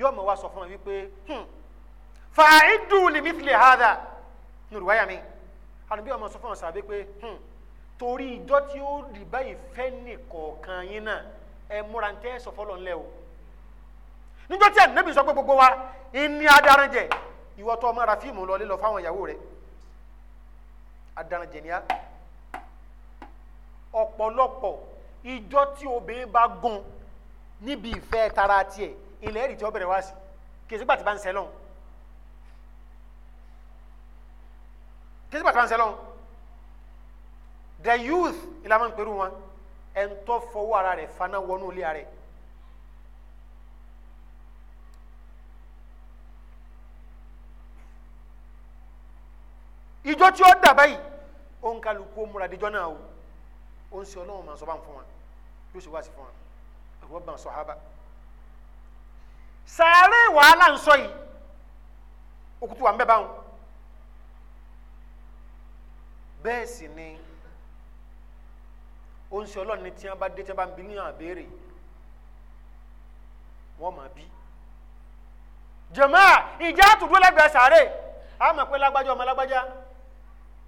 yóò mọ wá sọ fún mi wípé hmm, fàáìdù lèmítìlè hàdà nùrùwáyà mi ànàbí ọmọ sọ fún ọsàn àbí pé hmm, torí ìjọ tí ó rí báyìí fẹ́ nìkọ̀ọ̀kan yín náà ẹ múra tẹ́ sọ fọlọ́ ńlẹ̀ o níjọ́ tí ànábì sọ pé gbogbo wa ìní adaranjẹ ìwọ tó ọmọ ara fíìmù lọ lílọ fáwọn ìyàwó rẹ adaranjẹ ni á ọ̀pọ̀lọpọ̀ ìjọ tí obìnrin bá gùn níbi ìfẹ́ tara tiẹ̀ ilẹ̀ ẹ̀rì tí ó bẹ̀rẹ̀ wá sí kìí tí bá ń sẹ́ lọ́hùn tí bá ń sẹ́ the youth ìlànà ìpẹ̀rù wọn ẹ̀ ń tọ́ fọwọ́ ara rẹ̀ faná wọnú ilé ara rẹ̀. ìjọ tí ó dà báyìí ó ń kálukú múra díjọ́ náà o ó ń sọ ọlọ́run máa sọ bá ń fún wa yóò ṣe wá sí fún wa àwọn bá ń sọ hábà. sàárè wàhálà ń sọ yìí òkútu wà ń bẹ báwọn bẹ́ẹ̀ sì ni ó ń sọ ọlọ́run ní tí wọ́n bá dé tí wọ́n bá ń bi níyàn àbẹ́rẹ́ wọ́n máa bí jàmáà ìjà àtúndúlẹ́gbẹ̀ẹ́ sàárè àmọ̀ pé lágbájá ọmọ lágbájá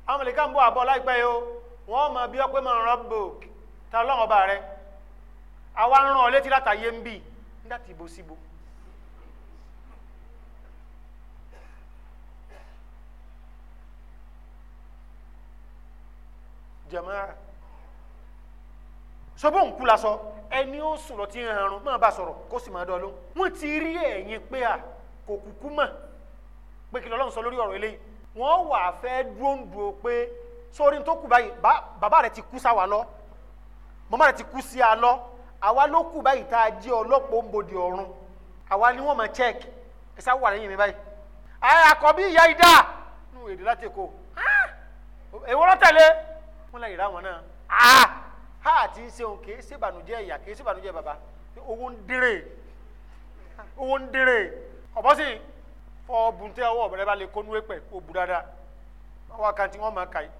àwọn mọ̀lẹ́ká ń bọ̀ àbọ̀ láìpẹ́ yìí o wọ́n mọ bí ọpẹ́ mọ rọ́bù ta ọlọ́run ọba rẹ àwa ń rán ọ létí látàyé ń bì nígbà tí ibo síbo. jẹmọ́ra sọ́bọ̀ ń kú la sọ ẹni ó sùn lọ tí ń harun máa bá sọ̀rọ̀ kó sì máa dọ́ọ́ ló wọ́n ti rí ẹ̀yìn pé à kò kúkú mọ̀ pé kí lọ́lọ́run sọ lórí ọ̀rọ̀ eléyìí wọ́n wà fẹ́ dúró ń dúró pé sórí tó kù báyìí bàbá rẹ ti kú sáwa lọ màmá rẹ ti kú sí a lọ àwa ló kù báyìí tá a jẹ́ ọlọ́pọ̀ ń bodè ọ̀run àwa ni wọ́n máa check ẹ sá wà lẹ́yìn mi báyìí àkọ́bí ìyá ìdá nù èdè láti èkó ah! èwo ló tẹ̀lé wọn lẹ́yìn ráwọn náà ah! ha àti ṣeun kì í ṣèbànújẹ́ ìyá kì í ṣèbànújẹ́ bàbá owó ń dèrè owó ń dèrè ọ̀bọ sí fọ ọbùn tẹ ọwọ́ ọ̀bẹ̀rẹ̀ bá lè kó nú kó bu dáadáa wọn wá kan tí wọ́n máa kà yìí.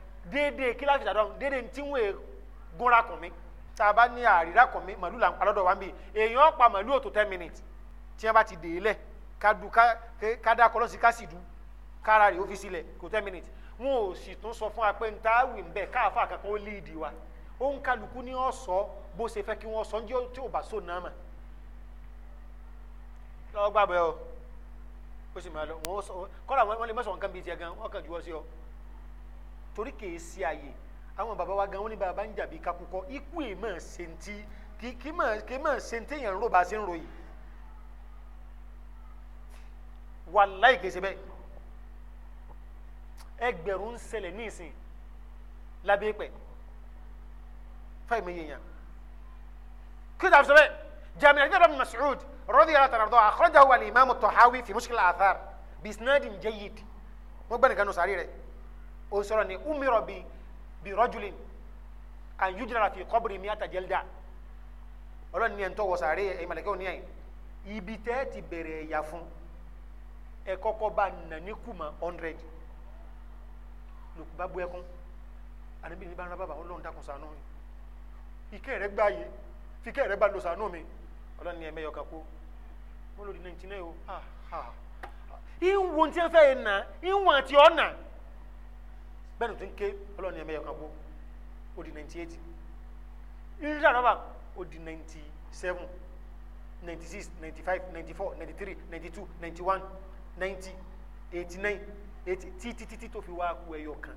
déédéé kí láfi ṣàdọ́run déédéé tí wọ́n gúnra kùn mí tá a bá ní àríra kùn mí màlúù là ń pa lọ́dọ̀ wa ń bì èèyàn pa màlúù òtò ten minutes tí wọ́n bá ti dèé lẹ̀ ká du ká dá kọlọ́sí ká sì du kára rè ó fi sílẹ̀ kò ten minutes wọn o sì tún sọ fún wa pé nta wì ń bẹ̀ káàfà kankan ó líìdì wa ó ń o ní ọ̀ sọ bó ṣe fẹ́ kí wọ́n sọ o tí o bá sọ náà mà lọ́wọ́ gbàgbé o o sì máa lọ o ó sọ kọ́lá wọn lè mọ̀sán nǹkan bíi tiẹ̀ gan o kàn ju ọ o ọ torí kìí ṣe àyè àwọn bàbá wa gan wọn ní bàbá ń jàbí kakúkọ ikú ẹ̀ máa ṣe ń tí kì í máa ṣe ń téèyàn ń rò bá a ṣe ń ròyìn wàláì kìí ṣe bẹ́ẹ̀ ẹgbẹ̀rún ń ṣẹlẹ̀ ní ìsìn lábẹ́ pẹ̀ fáìmì yẹn kí ló dàbí sọ bẹ́ẹ̀ jamiu abdul rahman Mas'ud radiyallahu ta'ala anhu akhrajahu al-imam at-Tahawi fi mushkil athar bi isnadin jayyid wọ́n gbẹ́ni kanu sáré rẹ̀ ó sọ̀rọ̀ ní umiro bi bi rọjulin an yujinara fi kọbiri mi atajelda ọlọ́run ní ẹ̀ ń tọ́ wọ̀sàárẹ̀ ẹ̀ mọ̀lẹ́kẹ́ òní ẹ̀ ibi tẹ́ ti bẹ̀rẹ̀ ẹ̀yà fún ẹ kọ́kọ́ bá nà ní kùmà hundred lòkù bá bu ẹkún àníbi ní bá ń bàbá ọlọ́run dákun ṣàánú mi ìkẹ́ rẹ gbá yé fíkẹ́ rẹ bá lọ ṣàánú mi ọlọ́run ní ẹ̀mẹ́yọ kakó mo lò di nineteen náà o ah ah ìwọ̀n tí wọ́n fẹ́ yẹn nà ìwọ̀n àti ọ̀nà bẹ́ẹ̀ tó ń ké ọlọ́ni ẹ̀mẹ́ yọkan gbó ó di ninety eight rírí ànọ́bà ó di ninety seven ninety six ninety five ninety four ninety three ninety two ninety one ninety eighty nine eighty títí títí tó fi wá ku ẹyọ kan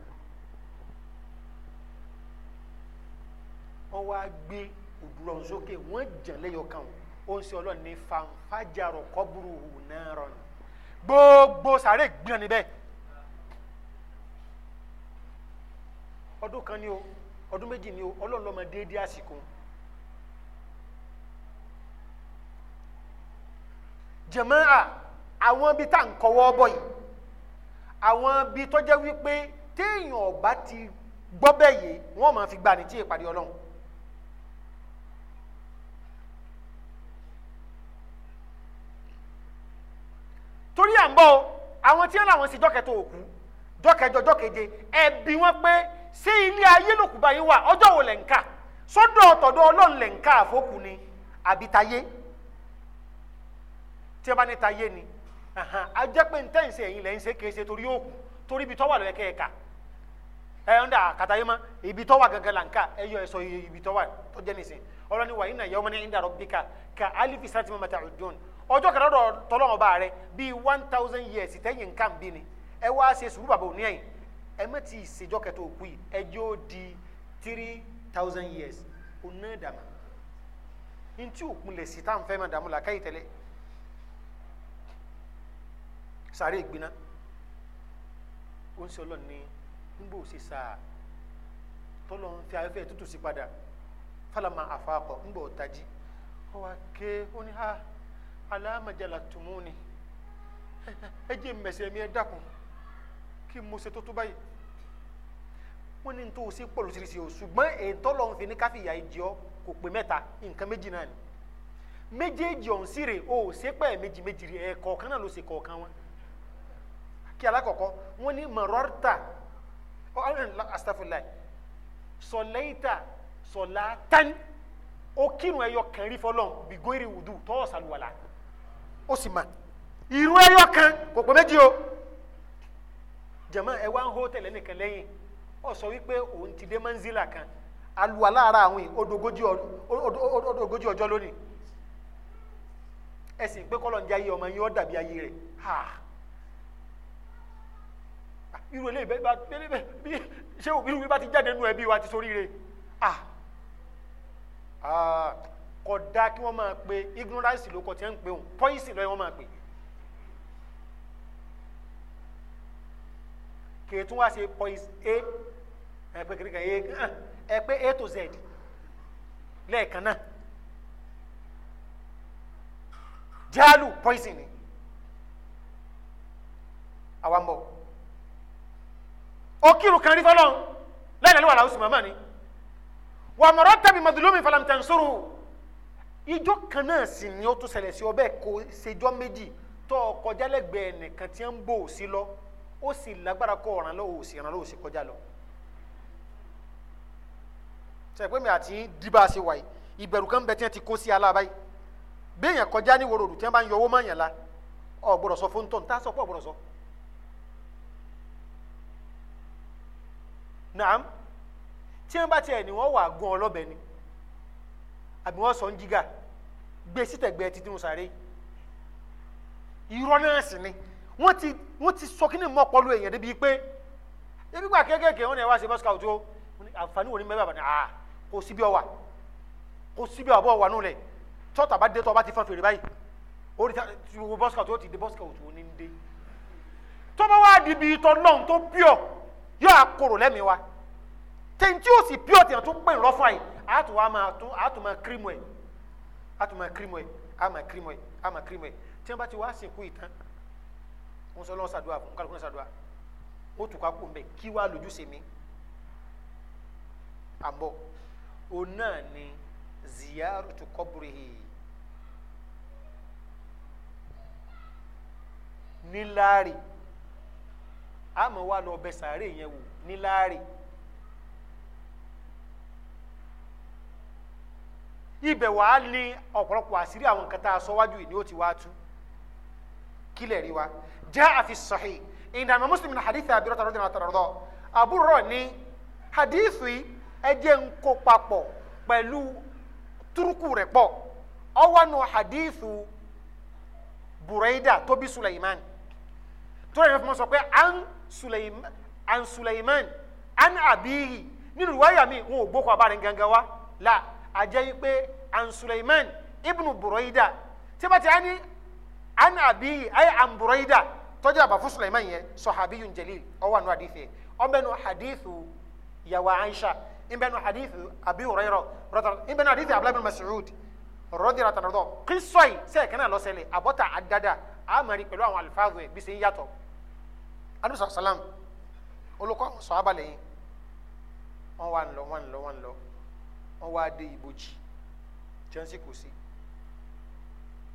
wọ́n wá gbé òdùrọ̀ sókè wọ́n jẹ̀ lẹ́yọ kan ó ń ṣe ọlọ́ni fanfàjàrọ̀ kọ́búrú hù náà gbogbo sàárè gbìyànjú bẹ́ẹ̀. ọdún kan ni o ọdún méjì ni o ọlọ́run lọ́mọ déédéé àsìkò jàmáà àwọn bíi tá à ń kọ́wọ́ bọ̀ yìí àwọn bíi tó jẹ́ wípé téèyàn ọ̀bá ti gbọ́ bẹ́ẹ̀ yé wọ́n máa fi gbani tí ìpàdé ọlọ́run. torí à ń bọ̀ àwọn tí wọ́n làwọn sí dọ́kẹ́tò òkú dọ́kẹ́jọ dọ́kẹ́je ẹ̀bi wọ́n pé ṣé ilé ayé lòkù báyìí wà ọjọ́ wo lẹ̀ ń kà sọ́dọ̀ ọ̀tọ̀dọ̀ ọlọ́run lẹ̀ ń ni àbí tayé tí ẹ bá ní tayé ni a jẹ́ pé ntẹ́ǹsì ẹ̀yìn lẹ̀ ń ṣe kì í ṣe torí òkú torí ibi tọ́wà lọ́yẹ̀kẹ́ ẹ̀ka ẹ̀ ń dà kàtàyé mọ́ ibi tọ́wà gangan là ń ẹ yọ ẹ̀sọ́ ibi tọ́wà tó jẹ́ nìsín ọlọ́ni wà iná yẹ́wọ́n ní inda rabbika ka alifi sati mọ́ mẹ́ta ọdún ọjọ́ kan lọ́dọ̀ tọ́lọ́mọba rẹ bíi one thousand years tẹ́yìn nǹkan bí ni ẹ wá ṣe sùúrù bàbá òní ẹ̀yìn ẹ má ti ìsèjọ́ kẹta di three thousand years ó ná nti ntí òkun lè sí ma damu la fẹ́ máa Sari làákàyè tẹ́lẹ̀ sàárè gbiná ó ń sọ ọlọ́run ní nígbà padà falama àfàkọ́ nígbà ó ké ni ẹ kí mo ṣe tó tó báyìí wọ́n ní tó o ṣe pọ̀ lóṣìṣì o ṣùgbọ́n ètò ọlọ́run fi ní káfí ìyá ìjì ọ kò pé mẹ́ta nǹkan méjì náà ni méjèèjì ọ̀hún sì rè o ṣe pẹ́ méjì méjì rè ẹ̀ kọ̀ọ̀kan náà ló ṣe kọ̀ọ̀kan wọn kí alákọ̀ọ́kọ́ wọ́n ní mọ̀rọ́ta astafurlai sọlẹ́ta sọlátán ó kírun ẹyọ kan rí fọlọ́n bìgóyèrè wùdú tọ́ọ̀sálùwàlà ó sì mà ìrun ẹyọ kan kò pé méjì o jama ẹ wá ń hótẹ́lẹ̀ nìkan lẹ́yìn ó sọ wípé òun ti dé manzila kan aluwa lára àwọn yìí odogoji ọjọ́ lónìí ẹ sì ń pé kọ́lọ̀ ń jẹ́ ayé ọmọ yín ó dàbí ayé rẹ̀ ha irú eléyìí bẹ́ẹ̀ bá bí ṣé irú bí bá ti jáde nínú ẹbí wa ti soríire ah kódà kí wọ́n máa pe ignorance ló kọ́ tí wọ́n ń pè òun pọ́ìsì lọ́yẹ̀ wọ́n máa pè kèétún wá ṣe point a ẹ pé kìnìkan a ah, ẹ pé a to z lẹ́ẹ̀kan náà jaalu poison ni àwa ń bọ̀ okiru kan rí fọlọ́n lẹ́yìn lẹ́yìn wà láwùsùn ni wà mọ̀rọ̀ tẹ̀mí madulumi falamtẹ̀nsoro ìjọ kan náà sì ni ó tún ṣẹlẹ̀ sí ọ bẹ́ẹ̀ kó ṣèjọ́ méjì tó kọjá lẹ́gbẹ̀ẹ́ nìkan tí ń bò sí lọ ó sì lágbára kọ ọ̀ràn lọ́wọ́ òsì ọ̀ràn lọ́wọ́ òsì kọjá lọ. sọ pé mi àti dìbà ṣe wà yìí ìbẹ̀rù kan bẹ tí wọ́n ti kó sí aláàbá yìí béèyàn kọjá ní wòròdù tí wọ́n bá ń yọ owó mọ̀nyàn la ọ̀ sọ fóńtọ̀ ń tá sọ pé ọ̀ gbọ́dọ̀ sọ. naam tí wọ́n bá tiẹ̀ ní wọ́n wà gun ọlọ́bẹ ni àbí wọ́n sọ ń jígà gbé sítẹ̀gbẹ́ títí sáré irọ́ náà sì ni wọ́n ti wọ́n ti sọ kí ni mọ́ pọ̀lú èèyàn débi pé ebi gba kéékèèké wọn ni ẹ wá ṣe bọ́sùkà òjò àǹfààní wo ni mẹ́rin àbàdàn àà kò síbi ọ̀wà kò síbi ọ̀bọ̀ wà nù lẹ̀ tọ́tà bá dé tọ́ bá ti fọ́n fèrè báyìí orí wo bọ́sùkà tó ti dé bọ́sùkà òjò ní dé tọ́ba wá di ibi ìtọ́ náà tó bíọ̀ yọ àkòrò lẹ́mìí wa tẹ̀ǹtì ò sì bíọ̀ tẹ̀ǹtì pè ń lọ́fà yìí àtùwà máa tún àtùmọ̀ kírímù ẹ̀ àtùmọ̀ kírímù ẹ̀ àmọ̀ kírímù ẹ̀ àmọ̀ kírímù ẹ̀ ń sọ lọ́wọ́ sàdúrà fún kálukú náà sàdúrà ó tù ká kó mbẹ kí wàá lójúṣe mi àbọ̀ òun náà ni ziyaru tu kọ́bùrìhì níláàrí àmọ́ wà lọ bẹ sàárè yẹn wò níláàrí. ibẹ̀ wàá ní ọ̀pọ̀lọpọ̀ àṣírí àwọn nǹkan tá a sọ wájú yìí ni ó ti wá tú kílẹ̀ rí wa. جاء في الصحيح إنما مسلم من حديث أبي هريرة رضي الله عنه أبو روني حديثي ẹjẹ ń kó papọ̀ pẹ̀lú turuku rẹ̀ pọ̀ ọwọ́nu hadithu buraida tóbi suleiman tóra yẹn fún mi sọ pé an suleiman an suleiman an abihi nínú ìwáyà mi wọn ò gbókò abárin gangan wa la àjẹ́ yìí pé an suleiman ibnu buraida tí bá ti á ní an abihi ay an buraida tọ́jú àbàfún Sulaiman yẹn sahabiyun jalil ọwọ́ àánú hadith yẹn ọmọbẹ̀nu hadith yàwó Aisha ìbẹ̀nu hadith Abi Hurairah ìbẹ̀nu hadith Abdullahi bin Mas'ud rọ́dìrà tàdọ̀dọ̀ kírísọ́ yìí sẹ́ẹ̀ kẹ́nà lọ́sẹ̀lẹ̀ àbọ̀tà àdáda àmàrí pẹ̀lú àwọn àlùfáàgù ẹ̀ bí ṣe ń yàtọ̀ anusa salam olùkọ́ sọ abalẹ̀ yìí wọ́n wà ń lọ wọ́n ń lọ wọ́n lọ wọ́n wá dé ibojì jẹ́nsì kò sí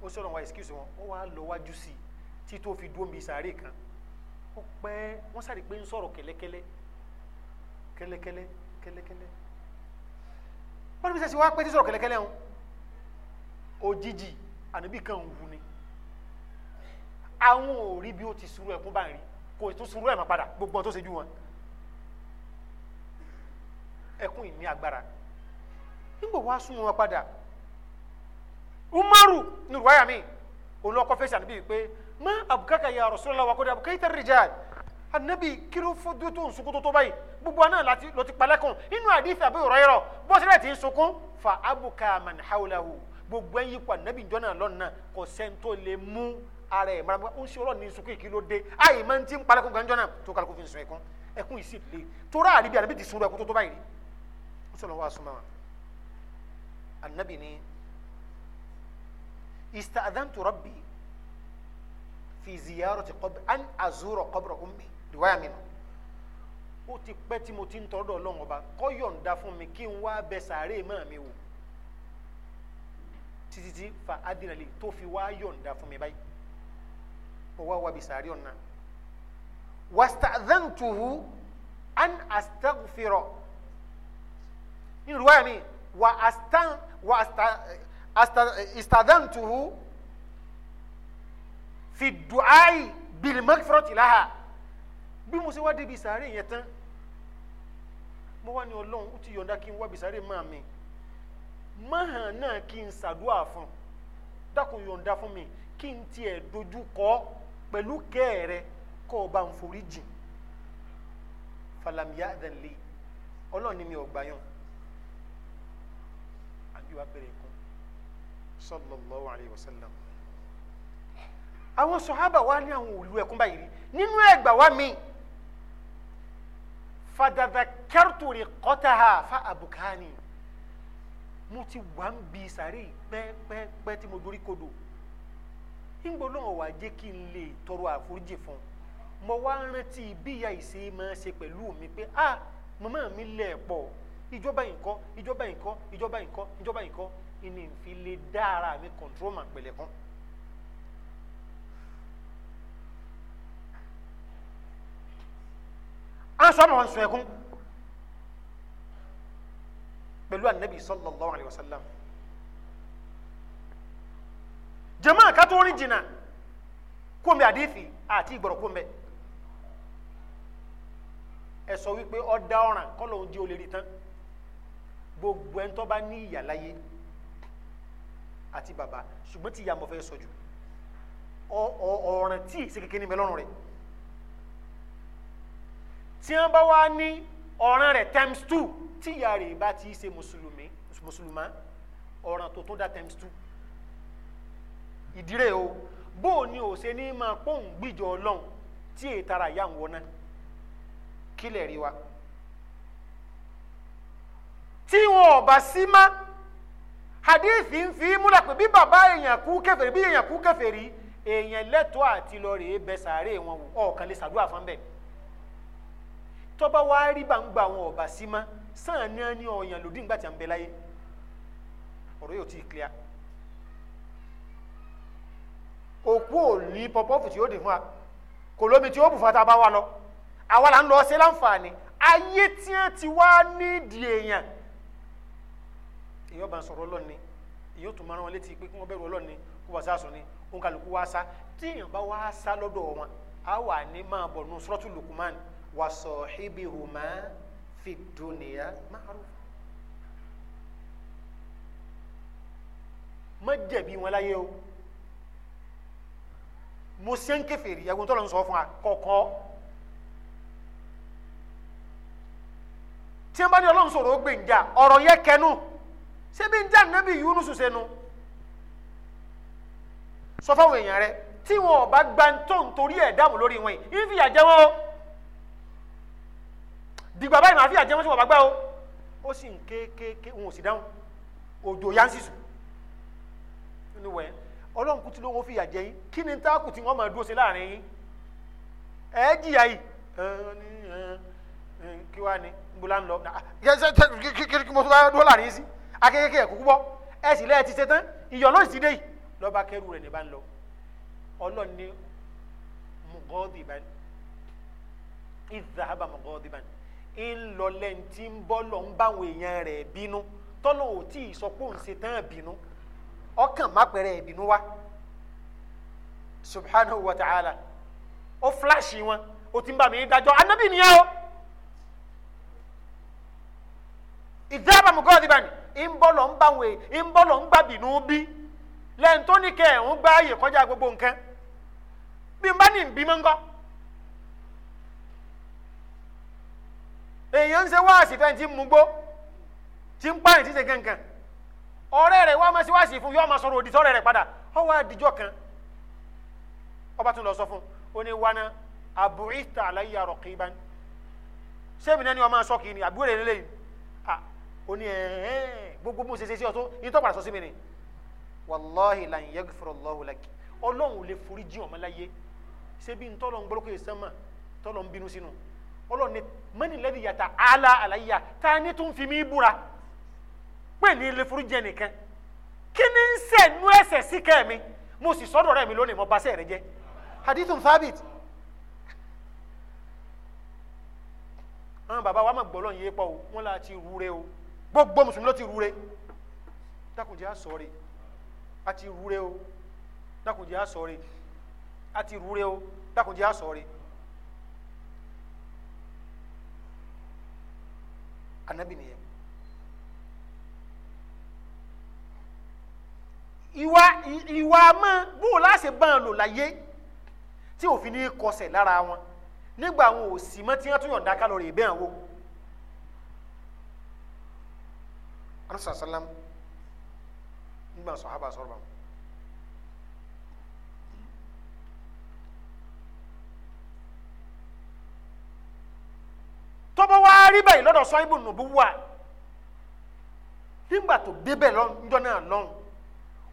ó sọ̀rọ̀ wọn excuse wọn wọ́n wá lọ wájú sí i tí tó fi dúró bíi sàárè kan ó pẹ́ wọ́n sáré pé ń sọ̀rọ̀ kẹ́lẹ́kẹ́lẹ́ kẹ́lẹ́kẹ́lẹ́ kẹ́lẹ́kẹ́lẹ́ wọ́n ti fi sẹ́sì wá pé tí sọ̀rọ̀ kẹ́lẹ́kẹ́lẹ́ ń òjijì ànábì kan ń wù ni àwọn ò rí bí ó ti sùúrù ẹkún bá ń rí kò tún sùúrù ẹ̀ má padà gbogbo tó ṣe jù wọn ẹkún ìní agbára nígbà wàá sún wọn padà umaru nuruwayami, mi olùkọ́ fẹsẹ̀ ànábì pé ma abukaka ya rasulullah wa kodi abukaita rijal anabi kí ló fọ dúró tó ń sunkún tó tó báyìí gbogbo àná láti ló ti palẹ́kùn inú àdìsí àbí ọ̀rọ̀ yẹrọ bó ṣe láti ń sunkún fa abuka man hawlahu gbogbo ẹ̀yìn ipò anabi ìjọ náà lọ́nà kò sẹ́ni tó lè mú ara ẹ̀ mara ń ṣe ọlọ́ọ̀ni sunkún kí ló dé àyè máa ń ti ń palẹ́kùn ganjọ́ náà tó kálukú fi ń sun ẹ̀kún ẹ̀kún yìí sì le torá ti sunrọ̀ ẹ̀kún tó báyìí ó sọ̀rọ̀ wá sùn máa ni ista'adhantu rabbi fi ziyarati qabr an azura qabra ummi riwaya mi ó ti pẹ́ tí mo ti ń tọrọ Ọlọ́run ọba kó yọ̀ǹda fún mi kí n wá bẹ sàárè mọ́ mi wò títí tí fa adìrẹ̀lẹ̀ tó fi wá yọ̀ǹda fún mi báyìí mo wá wá bi sàárè ọ̀nà wasta'dhantuhu an astaghfira nínú riwaya mi wa astan wa asta, eh, asta, eh, istadhantuhu fi duayi bilimakifọrọti laha bí mo ṣe wá débi sàárè yẹn tán mo wá ní ọlọ́run ó ti yọ̀ǹda kí n wá bi sàárè máa mi máhàn náà kí n ṣàdúrà fún dákun yọ̀ǹda fún mi kí n tiẹ̀ dojú kọ pẹ̀lú kẹ́ẹ̀rẹ́ kọ́ ọ bá ń forí jìn falamiya adanle ọlọ́run ni mi ò gbà yàn àbí wàá bẹ̀rẹ̀ kún sallallahu alayhi wa sallam àwọn sọ̀hábà wa ní àwọn òlu ẹ̀kún báyìí nínú ẹgbà wa mi fàdàdà kẹ́rùtùrì kọ́tà ha fa àbùkánì mo ti wà ń bi sàárè pẹ́ẹ́pẹ́ẹ́pẹ́ tí mo dorí kodò ńgbọ́ náà wà jẹ́ kí n lè tọrọ àforíjì fún un mo wá rántí bí ìyá ìṣe máa ṣe pẹ̀lú mi pé ah màmá mi lẹ̀ pọ̀ ìjọba yìí kọ́ ìjọba yìí kọ́ ìjọba yìí kọ́ ìjọba yìí kọ́ ìní fi lè mi kọ̀ǹtúrọ̀ mà kan. ansa ma wọn sọ ẹkún pẹ̀lú anabi sallallahu alayhi wa sallam jama katóorin jìnnà kóńbẹ àdéhìí àti ìgbọ̀rọ̀ kóńbẹ ẹ sọ wípé ọ̀dà ọ̀ràn kọ́lọ̀ ń di olè rí tán gbogbo ẹni tó bá ní ìyá àti bàbá ṣùgbọ́n tí ìyá fẹ́ sọ jù ọ̀ràn tí ìṣe kékeré ní bẹ rẹ̀ tí wọ́n bá wá ní ọ̀ràn rẹ̀ times two tí ìyá rẹ̀ bá ti ṣe mùsùlùmí mùsùlùmá ọ̀ràn tó tún dá times two ìdírè o bó o ní o ṣe ní máa pọ́ùn gbìjọ ọlọ́run tí èyí ìyá ń wọná kílẹ̀ rí wa tí wọn ò bá sí má hadith ń fi múlẹ̀ pé bí bàbá èèyàn kú kèfèrí bí èèyàn kú kèfèrí èèyàn lẹ́tọ̀ọ́ àti lọ rèé bẹ sàárè wọn ọ̀kan lè ṣàdúrà fún bẹ́ẹ̀ tọ́ba wá rí gbàǹgbà àwọn ọ̀bà sí ma sàn ní ẹni ọ̀yàn lòdì nígbà tí a ń bẹ láyé ọ̀rọ̀ yóò ti clear òkú ò ní pọpọ́fù tí ó dì fún wa kò lómi tí ó bù fún wa tá a bá wa lọ àwa là ń lọ ṣe láǹfààní ayé tí wọ́n ti wá nídìí èèyàn èèyàn bá ń sọ̀rọ̀ ọlọ́ni èèyàn tún máa rán wọn létí pé kí wọ́n bẹ̀rù ọlọ́ni kó wọ́n sá sùn ni òun kàlùkù wá sá tí èèyàn bá wá sá lọ́dọ̀ wọn á wà ní máa bọ̀ nù Suratul Luqman wa sahibihuma fi dunya ma'ruf má jẹ̀bi wọn láyé o mo ṣe ń kèfèrí yàgò tó lọ sọ fún wa kọ̀ọ̀kan tí n bá ní ọlọ́run sọ̀rọ̀ ó gbé ń jà ọ̀rọ̀ yẹ kẹnu ṣé bí ń jà nábì sẹ́nu sọ fáwọn èèyàn rẹ tí wọn ò bá gba tó ń torí ẹ̀ dáàmú lórí wọn yìí ń fìyà jẹ wọn o dìgbà báyìí màá fi àjẹmọ́ sí wọn bàgbá o ó sì ń ké ké ké òun ò sì dáhùn òjò yá ń sì sùn nínú wẹ̀ ọlọ́run kùtì ló ń fi àjẹ yín kí ni tá kùtì wọn máa dúró sí láàrin yín ẹ ẹ jìyà yìí kí wàá ní nbola ń lọ kí mo tún bá dúró láàrin yín sí akékèké ẹ̀ kúkú bọ́ ẹ sì lẹ́ẹ̀ ti ṣe tán ìyọ̀ ló sì dé yìí lọ́ba kẹrù rẹ̀ ní bá ń lọ ọlọ́run ní mọ̀gọ́dìbàn ìzàhábà mọ̀gọ́dìbàn ńlọlẹ́ ti ń bọ́ lọ ń báwọn èèyàn rẹ̀ bínú tọ́lọ̀ ò tí ì sọ pé òun ṣe tán bínú ọkàn má pẹ̀rẹ̀ bínú wá subhanahu wa ta'ala ó fúláṣì wọn ó ti ń bá mi dájọ́ anábì nìyẹn o ìdáàbà mú gọ́ọ̀dì báyìí ń bọ́ lọ ń bá wọn ń bọ́ lọ ń gbà bínú bí lẹ́yìn tó ní kẹ́ ẹ̀ ń gbá ààyè kọjá gbogbo nǹkan bí n bá ní ìbímọ ńkọ́. èèyàn ń ṣe wáàsì fẹ́ ti ń mugbó ti ń pààyàn ti ṣe kankan ọ̀rẹ́ rẹ̀ wá máa ṣe wáàsì fún yóò máa sọ̀rọ̀ òdì sọ̀rẹ́ rẹ̀ padà ó wá àdìjọ́ kan ọba tún lọ sọ fún un ó ní wana àbúrítà aláyà raqiban sẹ́mi náà ni wọ́n máa sọ kì í ni àbúrò rẹ̀ lélẹ́yìn ah ó ní ẹ̀ẹ́n gbogbo mú ṣeṣe sí ọtún yìí tó padà sọ sí mi ni wàláhi lan yaghfirullahu laki ọlọ́run lè forí jí ọmọ ṣé bí ntọ́lọ́ ń gbọ́lọ́kọ̀ yìí sánmà tọ́lọ́ ń bínú sínú ọlọ́run ní mani lẹbi yata ala alaya ta ni tun fi mi búra pé ní lefuru jẹ nìkan kí ni ń sẹ nú ẹsẹ sí kẹmi mo sì sọdọ rẹ mi lónìí mo basẹ rẹ jẹ hadithun thabit àwọn bàbá wa ma gbọ́ lọ́n yé pọ̀ o wọ́n la ti rure o gbogbo mùsùlùmí ló ti rure dákùnjẹ́ àsọ̀rẹ́ a ti rure o dákùnjẹ́ àsọ̀rẹ́ a ti rure o dákùnjẹ́ àsọ̀rẹ́. anabi ne yam ìwà ìwà mọ bóò láṣẹ bá ń lò láyé tí òfin ní kọsẹ̀ lára wọn nígbà àwọn òsì mọ́ tí wọ́n tún yọ̀ǹda kálọ̀rì ìbẹ́ àwọn anusalaam nígbà sọ̀hábà sọ̀rọ̀ báwọn. bá wá rí bẹ́ẹ̀ lọ́dọ̀ sọ ibo nùbú wà nígbà tó débẹ̀ lọ́njọ́ náà lọ́n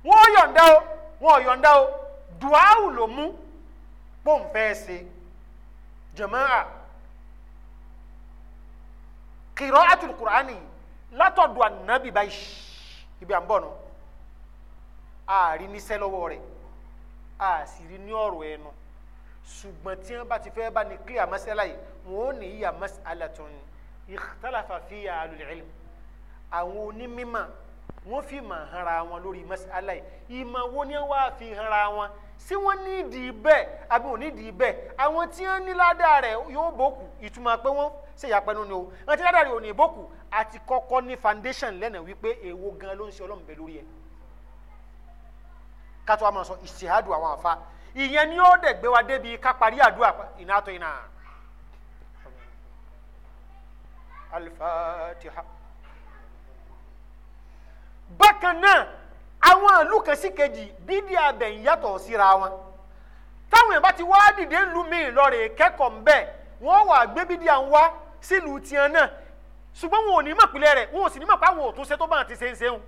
wọ́n yọ̀ǹda o wọ́n yọ̀ǹda o ló mú ṣe kùránì látọ̀dọ̀ ànábì báyìí ibi ṣùgbọ́n tí wọ́n bá ti fẹ́ bá ní clear masala yìí wọ́n ní yíya masala tó ń ikhtalafa fiya alul ilm àwọn onímọ̀ wọ́n fi mọ̀ hanra wọn lórí masala yìí ìmọ̀ wo ni wọ́n fi hanra wọn sí wọ́n ní ìdí bẹ́ẹ̀ àbí wọ́n ní ìdí bẹ́ẹ̀ àwọn tí wọ́n ní ládàá rẹ̀ yóò bókù ìtumọ̀ pé wọ́n ṣe ìyàpẹ́nu ni o wọ́n ti ládàá rẹ̀ ò ní bókù àti kọ́kọ́ ní foundation lẹ́nà wípé èwo gan ló ń ṣe ọlọ́mùbẹ́ lórí ẹ̀ ká tó a máa sọ ìṣèhádùn àwọn àfa ìyẹn ni ó dẹ̀ gbé wa débi ká parí àdúrà iná tó iná. alifatiha. bákan náà àwọn ìlú kan sí kejì bídí abẹ ń yàtọ̀ síra wọn táwọn èèyàn bá ti wá dìde ńlú míì lọ́ọ̀rẹ́ kẹ́kọ̀ọ́ ń bẹ̀ wọ́n wà gbé bídí à ń wá sílùú tiẹ̀ náà ṣùgbọ́n wọn ò ní mọ̀ rẹ̀ wọn ò sì ní mọ̀ pé ò tún ṣe tó bá ti ṣe ń ṣeun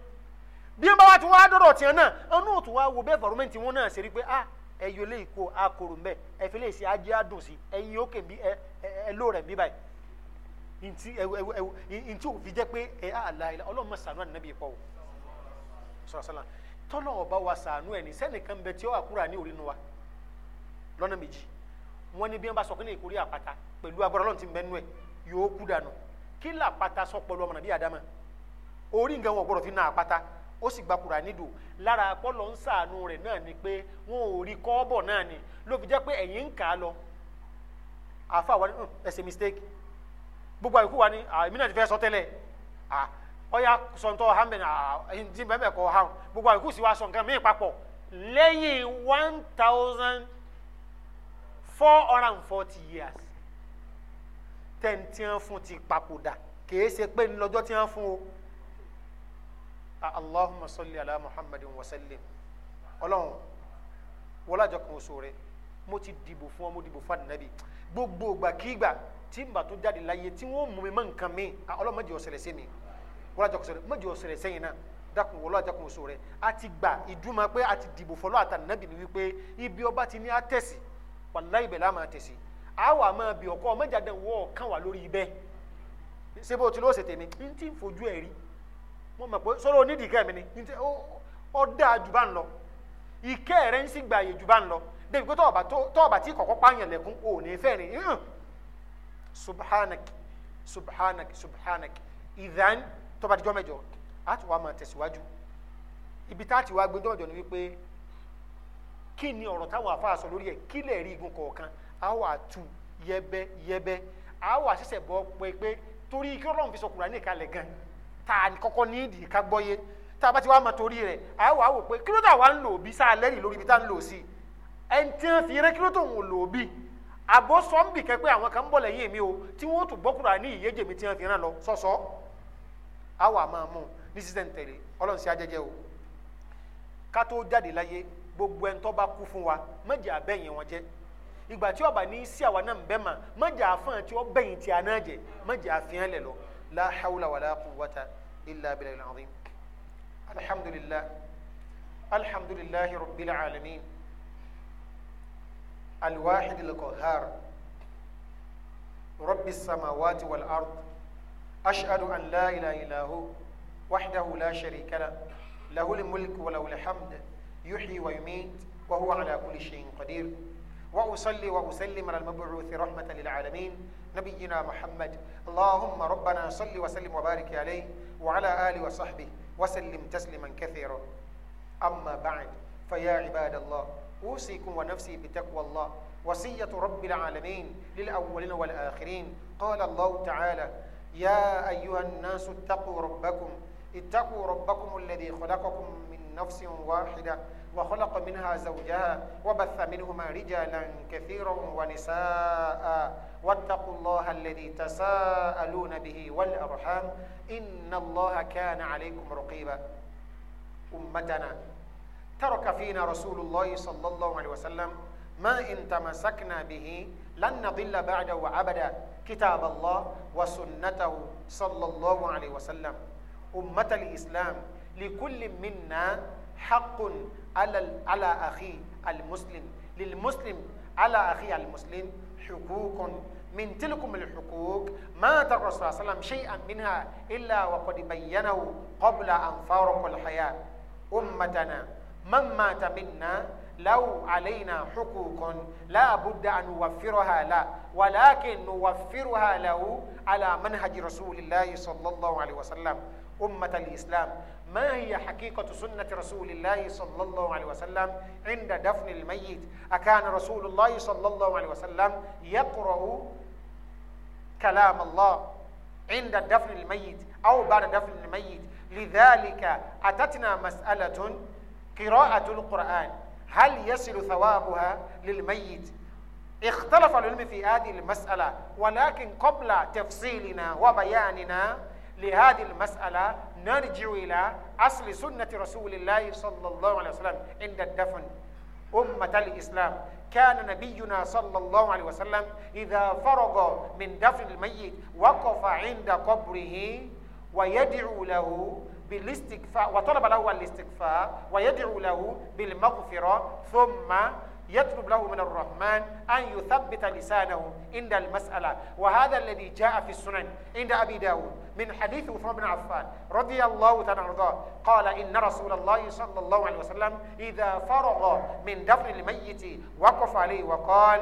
bí wọn bá wá ti wá dọ̀dọ̀ náà òtún wá wo bẹ́ẹ̀ fọ̀rọ̀mẹ́ntì wọn náà ṣe rí pé ah ẹyọ lè kó akoro mbẹ ẹfẹ lè ṣe ajé adùn si ẹyin òkè bi ẹ ẹ ló rẹ bí báyìí ntí ẹwọ ẹwọ ẹwọ ntí òun fi jẹ pé ẹ á la ilẹ ọlọ́run máa sànú ànábì pọ o sọlọsọlá tọlọ ọba wa sànú ẹni sẹnìkan bẹ tí ó wà kúrò ní wa lọ́nà méjì wọn ní bí wọn bá sọ pé ní ìkórè àpáta pẹ̀lú agbára ọlọ́run ti nú ẹ yóò kú dànù kí làpáta sọ ọmọ nàbí orí nǹkan wọn fi ó sì gba Kùránì dò lára pọ́lọ́ ń sàánú rẹ̀ náà ni pé wọn ò rí kọ́ọ́bọ̀ náà ni ló fi jẹ́ pé ẹ̀yìn ń kà á lọ àfa wa ni hmm, mistake gbogbo àyíkú wa ni ah, èmi náà ti fẹ́ sọ tẹ́lẹ̀ ọ̀ya ah, sọ̀ntọ́ hamẹ́ ah, ẹ̀yìn tí bẹ́ẹ̀ kọ́ ha gbogbo àyíkú sì wá sọ nǹkan papọ̀ lẹ́yìn one thousand four hundred forty years ń ti papòdà kì í ṣe pé ńlọ́jọ́ allahumma salli ala muhammadin wa sallim ọlọ́run wọlé àjọ kan oṣù rẹ mo ti dìbò fún ọ mo dìbò fún àdìnàbì gbogbo ìgbàkigbà tí n bà tó jáde láyé tí wọn mú mi mọ nǹkan mi ọlọ́run má jẹ́ ó ṣẹlẹ̀ sí mi kan oṣù rẹ má jẹ́ ó náà dákun wọlé àjọ kan oṣù rẹ a ti gbà ìdúmọ̀ pé a ti dìbò fọlọ́ àtànàbì ni wípé ibi ọba ti ní àtẹ̀sí wàlá ibẹ̀ láà máa tẹ̀sí àwọn àmọ́ bí ọkọ ọmọ jáde wọ́ọ̀ kàn wá lórí ibẹ̀ mo mọ̀ pé sọ́dọ̀ onídìí kẹ́ mi ni ó dáa jù bá ń lọ ìkẹ́ rẹ̀ ń sì gbààyè jù bá ń lọ débi pé tọ́ọ̀bà tí kọ̀kọ́ pààyàn lẹ́kún ò ní fẹ́ ni subhanak subhanak subhanak ìdán tọ́ba díjọ́ mẹ́jọ á ti wá máa tẹ̀síwájú ibi tá a ti wá gbé dọ́jọ́ ni wípé kí ni ọ̀rọ̀ táwọn àfa lórí ẹ̀ kí lè rí igun kọ̀ọ̀kan á wà tu yẹbẹyẹbẹ á wà ṣẹ̀ṣẹ̀ bọ́ pé pé torí kí ọlọ́run fi sọ Kùránì kalẹ̀ gan-an ta kọ́kọ́ ní ìdí ká gbọ́yé tá a bá ti wá ma torí rẹ̀ a wà á wò pé kí ló tà wá ń lò bí sáà lẹ́rìí lórí ibi tá a ń lò sí ẹni tí wọ́n fi eré kí ló tó ń lò bí àbó sọ́ńbì kẹ́ pé àwọn kan ń bọ̀ lẹ́yìn mi o tí wọ́n tún bọ́kùrà ní ìyéjì mi tí wọ́n fi ràn lọ sọ́sọ́ a wà máa mú ní sísẹ̀ ń tẹ̀lé ọlọ́run sí ajẹ́jẹ́ o ká tó jáde láyé gbogbo ẹni tó bá kú fún wa mẹ́jẹ̀ àbẹ́yìn wọn jẹ́ ìgbà tí ọba ní sí àwa náà ń bẹ́ mà mẹ́jẹ̀ àfọ̀n tí ó bẹ̀yìn tí a náà jẹ́ mẹ́jẹ̀ àfihàn lẹ̀ lọ la hawla wala quwwata إلا بليل عظيم الحمد لله الحمد لله رب العالمين الواحد القهار رب السماوات والأرض أشهد أن لا إله إلا هو وحده لا شريك له له الملك وله الحمد يحيي ويميت وهو على كل شيء قدير وأصلي وأسلم على المبعوث رحمة للعالمين نبينا محمد اللهم ربنا صل وسلم وبارك عليه وعلى آله وصحبه وسلم تسليما كثيرا أما بعد فيا عباد الله أوصيكم ونفسي بتقوى الله وصية رب العالمين للأولين والآخرين قال الله تعالى يا أيها الناس اتقوا ربكم اتقوا ربكم الذي خلقكم من نفس واحدة وخلق منها زوجها وبث منهما رجالا كثيرا ونساء واتقوا الله الذي تساءلون به والأرحام إن الله كان عليكم رقيبا أمتنا ترك فينا رسول الله صلى الله عليه وسلم ما إن تمسكنا به لن نضل بعده أبدا كتاب الله وسنته صلى الله عليه وسلم أمة الإسلام لكل منا حق على على أخيه المسلم للمسلم على أخيه المسلم حقوق من تلكم الحقوق ما ترى الرسول صلى الله عليه وسلم شيئا منها إلا وقد بينه قبل أن فارقوا الحياة أمتنا من مات منا لو علينا حقوق لا بد أن نوفرها لا ولكن نوفرها له على منهج رسول الله صلى الله عليه وسلم أمة الإسلام ما هي حقيقة سنة رسول الله صلى الله عليه وسلم عند دفن الميت أكان رسول الله صلى الله عليه وسلم يقرأ كلام الله عند دفن الميت أو بعد دفن الميت لذلك أتتنا مسألة قراءة القرآن هل يصل ثوابها للميت اختلف العلم في هذه المسألة ولكن قبل تفصيلنا وبياننا لهذه المسألة نرجع إلى أصل سنة رسول الله صلى الله عليه وسلم عند الدفن أمة الإسلام كان نبينا صلى الله عليه وسلم إذا فرغ من دفن الميت وقف عند قبره ويدعو له بالاستكفاء وطلب له الاستكفاء ويدعو له بالمغفرة ثم يطلب له من الرحمن أن يثبت لسانه عند المسألة وهذا الذي جاء في السنن عند أبي داود من حديث عثمان بن عفان رضي الله تعالى عنه قال إن رسول الله صلى الله عليه وسلم إذا فرغ من دفن الميت وقف عليه وقال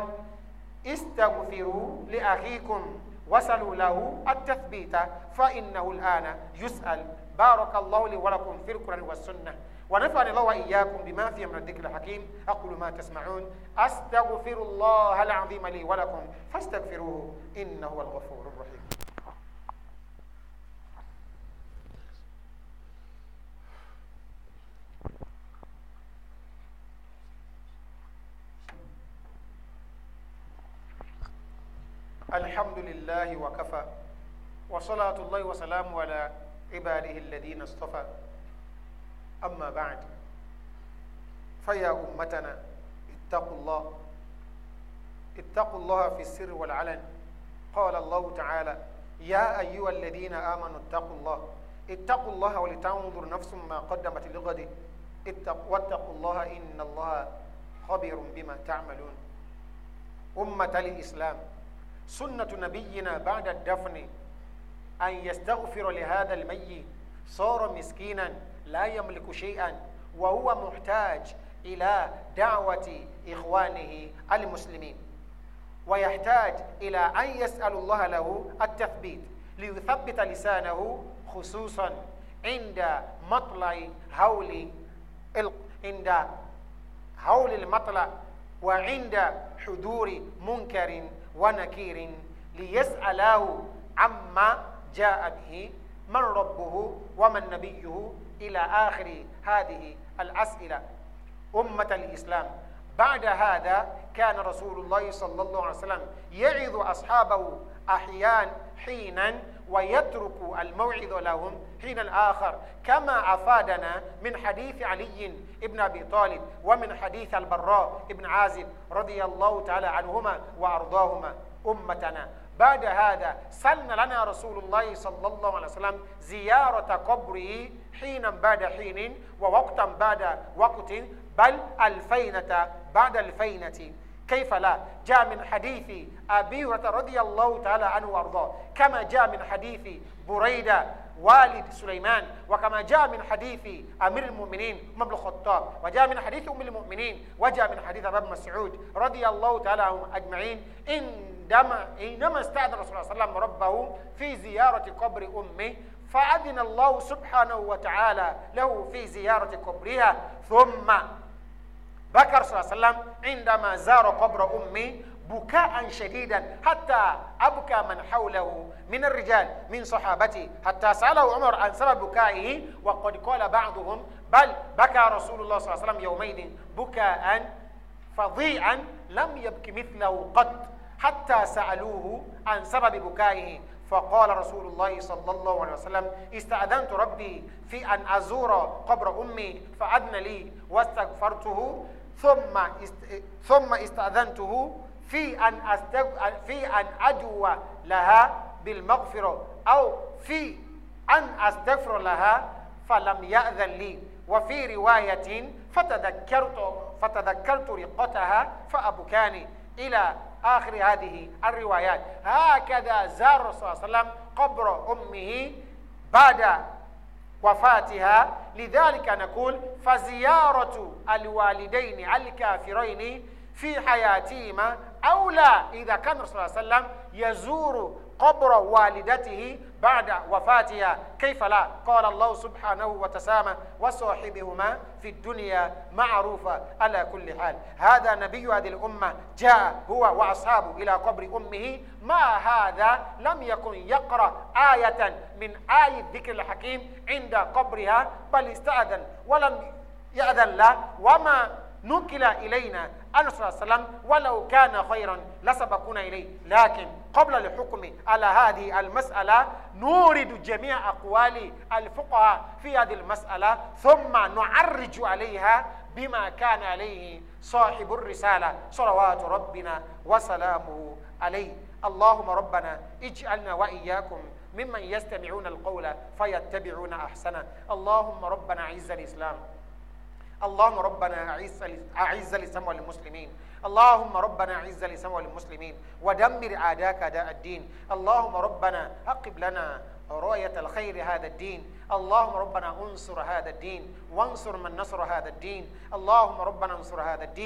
استغفروا لأخيكم وسلوا له التثبيت فإنه الآن يسأل بارك الله لي ولكم في القرآن والسنة ونفعني الله وإياكم بما في من الذكر الحكيم أقول ما تسمعون أستغفر الله العظيم لي ولكم فاستغفروه إنه هو الغفور الرحيم الحمد لله وكفى وصلاة الله وسلام على عباده الذين اصطفى أما بعد فيا أمتنا اتقوا الله اتقوا الله في السر والعلن قال الله تعالى يا أيها الذين آمنوا اتقوا الله اتقوا الله ولتنظر نفس ما قدمت لغد واتقوا الله إن الله خبير بما تعملون أمة الإسلام سنة نبينا بعد الدفن أن يستغفر لهذا الميت صار مسكينا لا يملك شيئا وهو محتاج إلى دعوة إخوانه المسلمين ويحتاج إلى أن يسأل الله له التثبيت ليثبت لسانه خصوصا عند مطلع هول عند هول المطلع وعند حضور منكر ونكير ليسأله عما جاء به من ربه ومن نبيه إلى آخر هذه الأسئلة أمة الإسلام بعد هذا كان رسول الله صلى الله عليه وسلم يعظ أصحابه أحيان حينا ويترك الموعظ لهم حين الآخر كما أفادنا من حديث علي بن أبي طالب ومن حديث البراء بن عازب رضي الله تعالى عنهما وأرضاهما أمتنا بعد هذا سلنا لنا رسول الله صلى الله عليه وسلم زيارة قبره حينا بعد حين ووقتا بعد وقت بل الفينة بعد الفينة كيف لا جاء من حديث أبي هريرة رضي الله تعالى عنه وأرضاه كما جاء من حديث بريدة والد سليمان وكما جاء من حديث أمير المؤمنين عمر بن الخطاب وجاء من حديث أم المؤمنين وجاء من حديث أبا مسعود رضي الله تعالى عنهم أجمعين عندما حينما استأذن الرسول صلى الله عليه وسلم ربه في زيارة قبر أمه فأذن الله سبحانه وتعالى له في زيارة قبرها ثم بكر صلى الله عليه وسلم عندما زار قبر أمه بكاء شديدا حتى أبكى من حوله من الرجال من صحابته حتى سأله عمر عن سبب بكائه وقد قال بعضهم بل بكى رسول الله صلى الله عليه وسلم يومئذ بكاء فظيعا لم يبك مثله قط حتى سألوه عن سبب بكائه فقال رسول الله صلى الله عليه وسلم استأذنت ربي في أن أزور قبر أمي فأذن لي واستغفرته ثم ثم استأذنته في أن في أن أدعو لها بالمغفرة أو في أن أستغفر لها فلم يأذن لي وفي رواية فتذكرت فتذكرت رقتها فأبكاني إلى آخر هذه الروايات هكذا زار الرسول صلى الله عليه وسلم قبر أمه بعد وفاتها لذلك نقول فزيارة الوالدين الكافرين في حياتهما أولى إذا كان الرسول صلى الله عليه وسلم يزور قبر والدته بعد وفاتها كيف لا قال الله سبحانه وتسامى وصاحبهما في الدنيا معروفة على كل حال هذا نبي هذه الأمة جاء هو وأصحابه إلى قبر أمه ما هذا لم يكن يقرأ آية من آي الذكر الحكيم عند قبرها بل استأذن ولم يأذن له وما نقل إلينا أن صلى الله عليه وسلم ولو كان خيرا لسبقونا إليه لكن قبل الحكم على هذه المسألة نورد جميع أقوال الفقهاء في هذه المسألة ثم نعرج عليها بما كان عليه صاحب الرسالة صلوات ربنا وسلامه عليه اللهم ربنا اجعلنا وإياكم ممن يستمعون القول فيتبعون أحسنه اللهم ربنا عز الإسلام اللهم ربنا أعز أعز الإسلام والمسلمين اللهم ربنا أعز الإسلام والمسلمين ودمر أعداءك أعداء الدين اللهم ربنا أقب لنا راية الخير هذا الدين اللهم ربنا انصر هذا الدين وانصر من نصر هذا الدين اللهم ربنا انصر هذا الدين